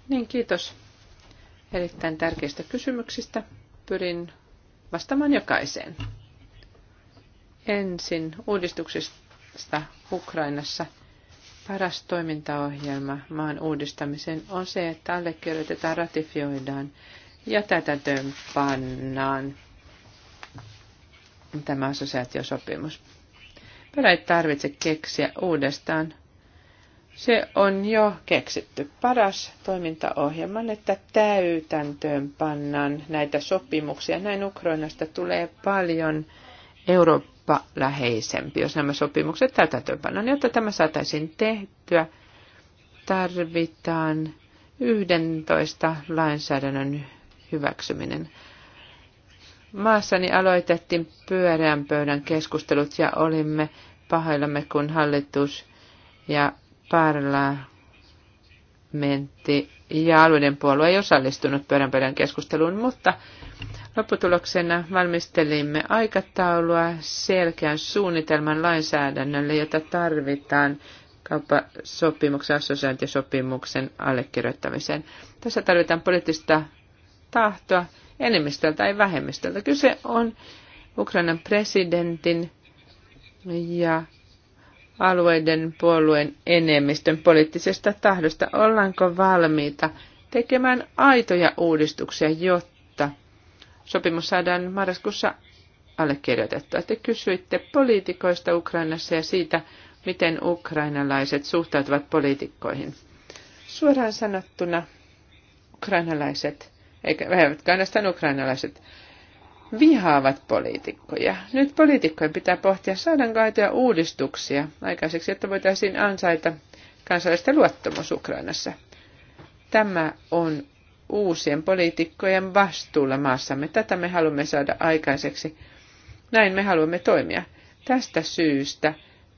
Niin, kiitos erittäin tärkeistä kysymyksistä. Pyrin vastaamaan jokaiseen. Ensin uudistuksista Ukrainassa. Paras toimintaohjelma maan uudistamiseen on se, että allekirjoitetaan, ratifioidaan ja täytäntöön pannaan tämä assosiaatiosopimus. Perä ei tarvitse keksiä uudestaan. Se on jo keksitty paras toimintaohjelman, että täytäntöön pannaan näitä sopimuksia. Näin Ukrainasta tulee paljon Eurooppa-läheisempi, jos nämä sopimukset täytäntöön pannaan. Jotta tämä saataisiin tehtyä, tarvitaan 11 lainsäädännön hyväksyminen. Maassani aloitettiin pyöreän pöydän keskustelut ja olimme pahoillamme, kun hallitus ja parlamentti ja alueiden puolue ei osallistunut pyöreän pöydän keskusteluun, mutta lopputuloksena valmistelimme aikataulua selkeän suunnitelman lainsäädännölle, jota tarvitaan kauppasopimuksen, assosiointisopimuksen allekirjoittamiseen. Tässä tarvitaan poliittista tahtoa enemmistöltä tai vähemmistöltä. Kyse on Ukrainan presidentin ja alueiden puolueen enemmistön poliittisesta tahdosta. Ollaanko valmiita tekemään aitoja uudistuksia, jotta sopimus saadaan marraskuussa allekirjoitettua? Te kysyitte poliitikoista Ukrainassa ja siitä, miten ukrainalaiset suhtautuvat poliitikkoihin. Suoraan sanottuna ukrainalaiset eikä eivätkä ainoastaan ukrainalaiset, vihaavat poliitikkoja. Nyt poliitikkojen pitää pohtia, saadaanko aitoja uudistuksia aikaiseksi, että voitaisiin ansaita kansallista luottamus Ukrainassa. Tämä on uusien poliitikkojen vastuulla maassamme. Tätä me haluamme saada aikaiseksi. Näin me haluamme toimia. Tästä syystä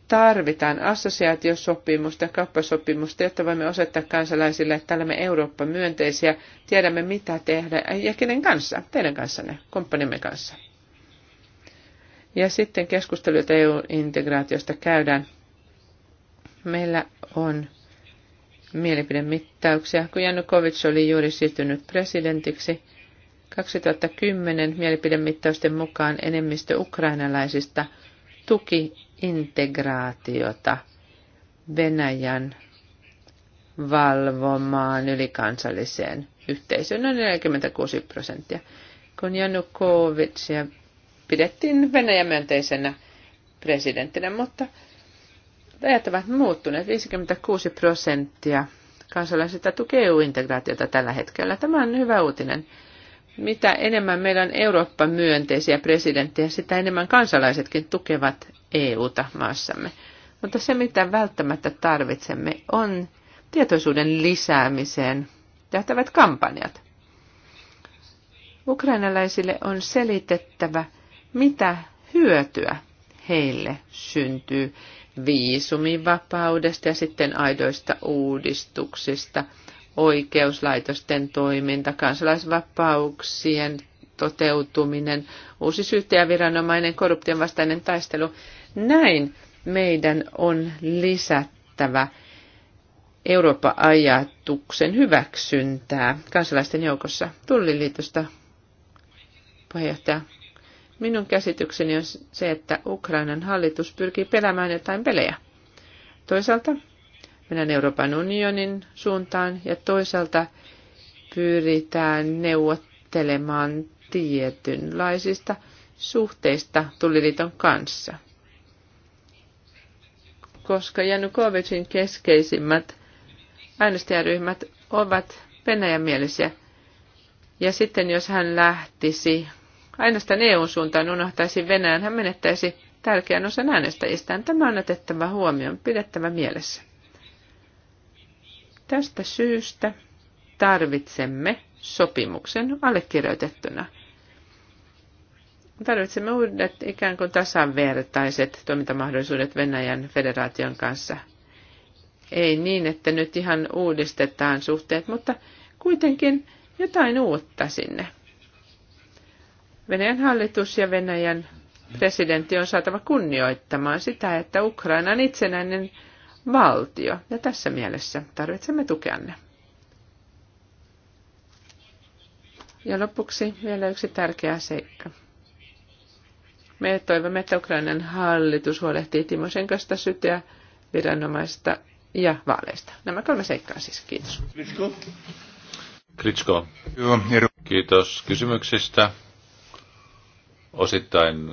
tarvitaan assosiaatiosopimusta ja kauppasopimusta, jotta voimme osoittaa kansalaisille, että olemme Eurooppa-myönteisiä, tiedämme mitä tehdä ja kenen kanssa, teidän kanssanne, kumppanimme kanssa. Ja sitten keskustelu, jota EU-integraatiosta käydään. Meillä on mielipidemittauksia. Kun Janukovic oli juuri siirtynyt presidentiksi, 2010 mielipidemittausten mukaan enemmistö ukrainalaisista tuki integraatiota Venäjän valvomaan ylikansalliseen yhteisöön noin 46 prosenttia. Kun Janukovicia pidettiin Venäjän myönteisenä presidenttinä, mutta ajat ovat muuttuneet. 56 prosenttia kansalaisista tukee EU-integraatiota tällä hetkellä. Tämä on hyvä uutinen. Mitä enemmän meillä on Eurooppa-myönteisiä presidenttejä, sitä enemmän kansalaisetkin tukevat EUta maassamme. Mutta se, mitä välttämättä tarvitsemme, on tietoisuuden lisäämiseen tähtävät kampanjat. Ukrainalaisille on selitettävä, mitä hyötyä heille syntyy viisumivapaudesta ja sitten aidoista uudistuksista – oikeuslaitosten toiminta, kansalaisvapauksien toteutuminen, uusi syyttäjäviranomainen, korruption vastainen taistelu. Näin meidän on lisättävä Euroopan ajatuksen hyväksyntää kansalaisten joukossa. Tulliliitosta puheenjohtaja. Minun käsitykseni on se, että Ukrainan hallitus pyrkii pelämään jotain pelejä. Toisaalta mennään Euroopan unionin suuntaan ja toisaalta pyritään neuvottelemaan tietynlaisista suhteista tuliliiton kanssa. Koska Janukovicin keskeisimmät äänestäjäryhmät ovat venäjämielisiä. Ja sitten jos hän lähtisi ainoastaan EUn suuntaan, unohtaisi Venäjän, hän menettäisi tärkeän osan äänestäjistään. Tämä on otettava huomioon, pidettävä mielessä. Tästä syystä tarvitsemme sopimuksen allekirjoitettuna. Tarvitsemme uudet ikään kuin tasavertaiset toimintamahdollisuudet Venäjän federaation kanssa. Ei niin, että nyt ihan uudistetaan suhteet, mutta kuitenkin jotain uutta sinne. Venäjän hallitus ja Venäjän presidentti on saatava kunnioittamaan sitä, että Ukrainan itsenäinen valtio. Ja tässä mielessä tarvitsemme tukeanne. Ja lopuksi vielä yksi tärkeä seikka. Me toivomme, että Ukrainan hallitus huolehtii kanssa syteä viranomaista ja vaaleista. Nämä kolme seikkaa siis. Kiitos. Kritsko. Kiitos kysymyksistä. Osittain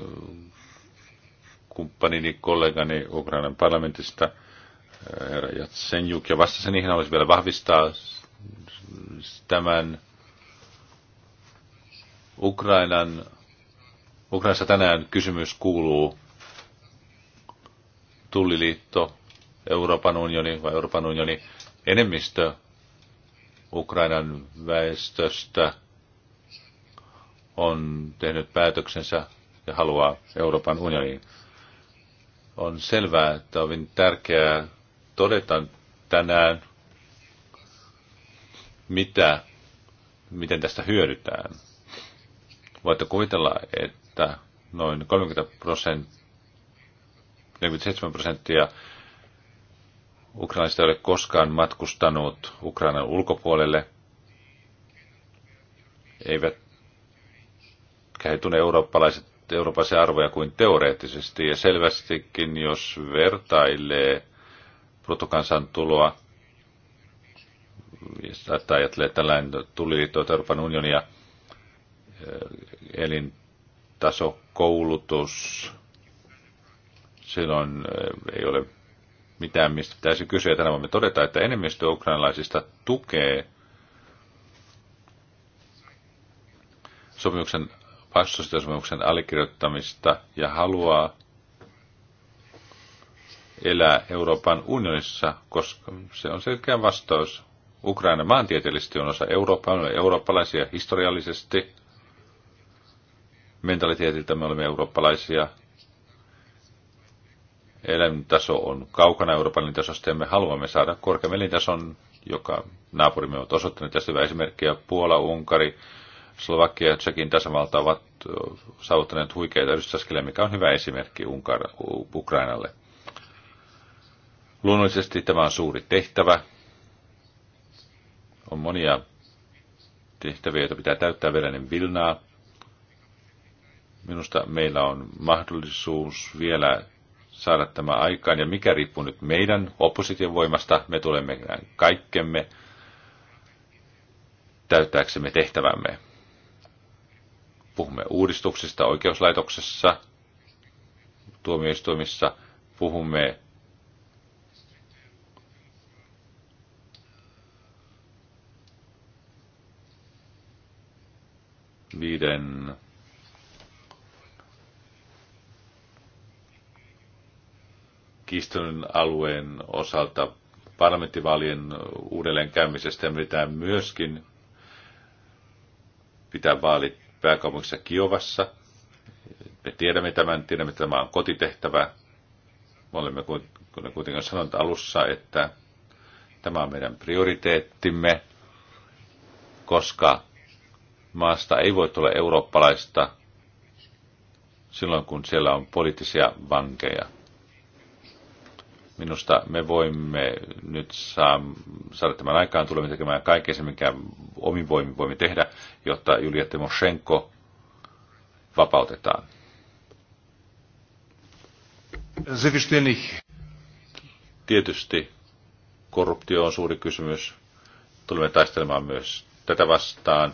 kumppanini, kollegani Ukrainan parlamentista – herra Jatsenjuk, ja vastasi niihin haluaisin vielä vahvistaa tämän Ukrainan, Ukrainassa tänään kysymys kuuluu, tulliliitto, Euroopan unioni vai Euroopan unioni, enemmistö Ukrainan väestöstä on tehnyt päätöksensä ja haluaa Euroopan unioniin. On selvää, että on hyvin tärkeää todeta tänään, mitä, miten tästä hyödytään. Voitte kuvitella, että noin 30 prosenttia 47 prosenttia ukrainalaisista ei ole koskaan matkustanut Ukrainan ulkopuolelle, eivät he tunne eurooppalaiset, eurooppalaisia arvoja kuin teoreettisesti. Ja selvästikin, jos vertailee bruttokansantuloa, saattaa että tällainen tuliliitto Euroopan unionia, eh, elintaso, koulutus, silloin eh, ei ole mitään, mistä pitäisi kysyä. Tänään voimme todeta, että enemmistö ukrainalaisista tukee sopimuksen vastustajasopimuksen allekirjoittamista ja haluaa elää Euroopan unionissa, koska se on selkeä vastaus. Ukraina maantieteellisesti on osa Eurooppaa, olemme eurooppalaisia historiallisesti, mentaliteetiltä me olemme eurooppalaisia, elämäntaso on kaukana Euroopan elintasosta ja me haluamme saada korkeamman elintason, joka naapurimme ovat osoittaneet. Tästä hyvä esimerkkiä Puola, Unkari, Slovakia ja Tsekin tasavalta ovat saavuttaneet huikeita yhdistyskelejä, mikä on hyvä esimerkki Unkar, Ukrainalle. Luonnollisesti tämä on suuri tehtävä. On monia tehtäviä, joita pitää täyttää vielä ennen Vilnaa. Minusta meillä on mahdollisuus vielä saada tämä aikaan. Ja mikä riippuu nyt meidän opposition voimasta, me tulemme kaikkemme täyttääksemme tehtävämme. Puhumme uudistuksista oikeuslaitoksessa, tuomioistuimissa, puhumme viiden kiistelyn alueen osalta parlamenttivaalien uudelleen käymisestä yritetään myöskin pitää vaalit pääkaupungissa Kiovassa. Me tiedämme tämän, tiedämme, että tämä on kotitehtävä. Me olemme kuitenkin sanonut alussa, että tämä on meidän prioriteettimme, koska maasta ei voi tulla eurooppalaista silloin, kun siellä on poliittisia vankeja. Minusta me voimme nyt saa, saada tämän aikaan, tulemme tekemään kaiken sen, mikä omin voimin voimme tehdä, jotta Julia Timoshenko vapautetaan. Tietysti korruptio on suuri kysymys. Tulemme taistelemaan myös tätä vastaan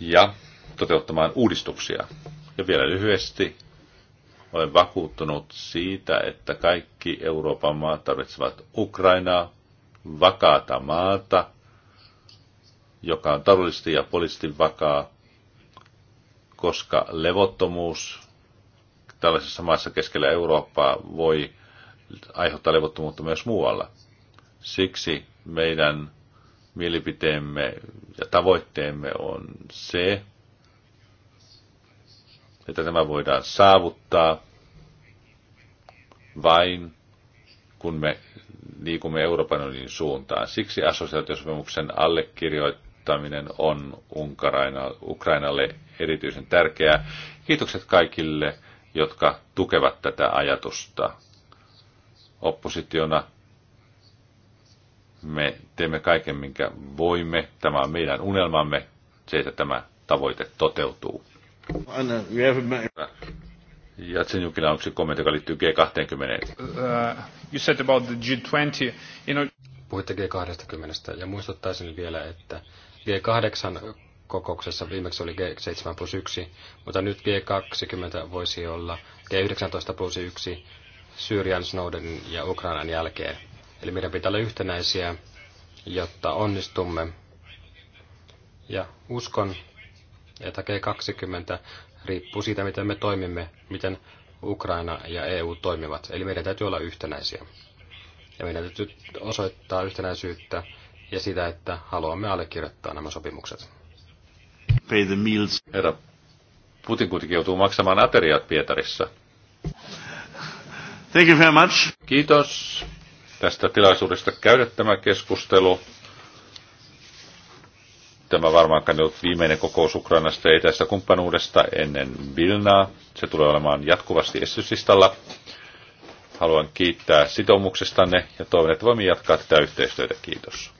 ja toteuttamaan uudistuksia. Ja vielä lyhyesti, olen vakuuttunut siitä, että kaikki Euroopan maat tarvitsevat Ukrainaa, vakaata maata, joka on taloudellisesti ja poliittisesti vakaa, koska levottomuus tällaisessa maassa keskellä Eurooppaa voi aiheuttaa levottomuutta myös muualla. Siksi meidän Mielipiteemme ja tavoitteemme on se, että tämä voidaan saavuttaa vain kun me liikumme Euroopan unionin suuntaan. Siksi assosiaatiosopimuksen allekirjoittaminen on Unkaraina, Ukrainalle erityisen tärkeää. Kiitokset kaikille, jotka tukevat tätä ajatusta. Oppositiona me teemme kaiken, minkä voimme. Tämä on meidän unelmamme, se, että tämä tavoite toteutuu. Ja Tsenyukilla on yksi kommentti, joka liittyy G20. Uh, you said about the G20. You know... Puhuitte G20 ja muistuttaisin vielä, että G8 kokouksessa viimeksi oli G7 plus 1, mutta nyt G20 voisi olla G19 plus 1 Syyrian, Snowdenin ja Ukrainan jälkeen. Eli meidän pitää olla yhtenäisiä, jotta onnistumme. Ja uskon, että G20 riippuu siitä, miten me toimimme, miten Ukraina ja EU toimivat. Eli meidän täytyy olla yhtenäisiä. Ja meidän täytyy osoittaa yhtenäisyyttä ja sitä, että haluamme allekirjoittaa nämä sopimukset. Pay the meals. Herra Putin kuitenkin joutuu maksamaan ateriat Pietarissa. Thank you very much. Kiitos tästä tilaisuudesta käydä tämä keskustelu. Tämä varmaankaan ollut viimeinen kokous Ukrainasta ja etäisestä kumppanuudesta ennen Vilnaa. Se tulee olemaan jatkuvasti esityslistalla. Haluan kiittää sitoumuksestanne ja toivon, että voimme jatkaa tätä yhteistyötä. Kiitos.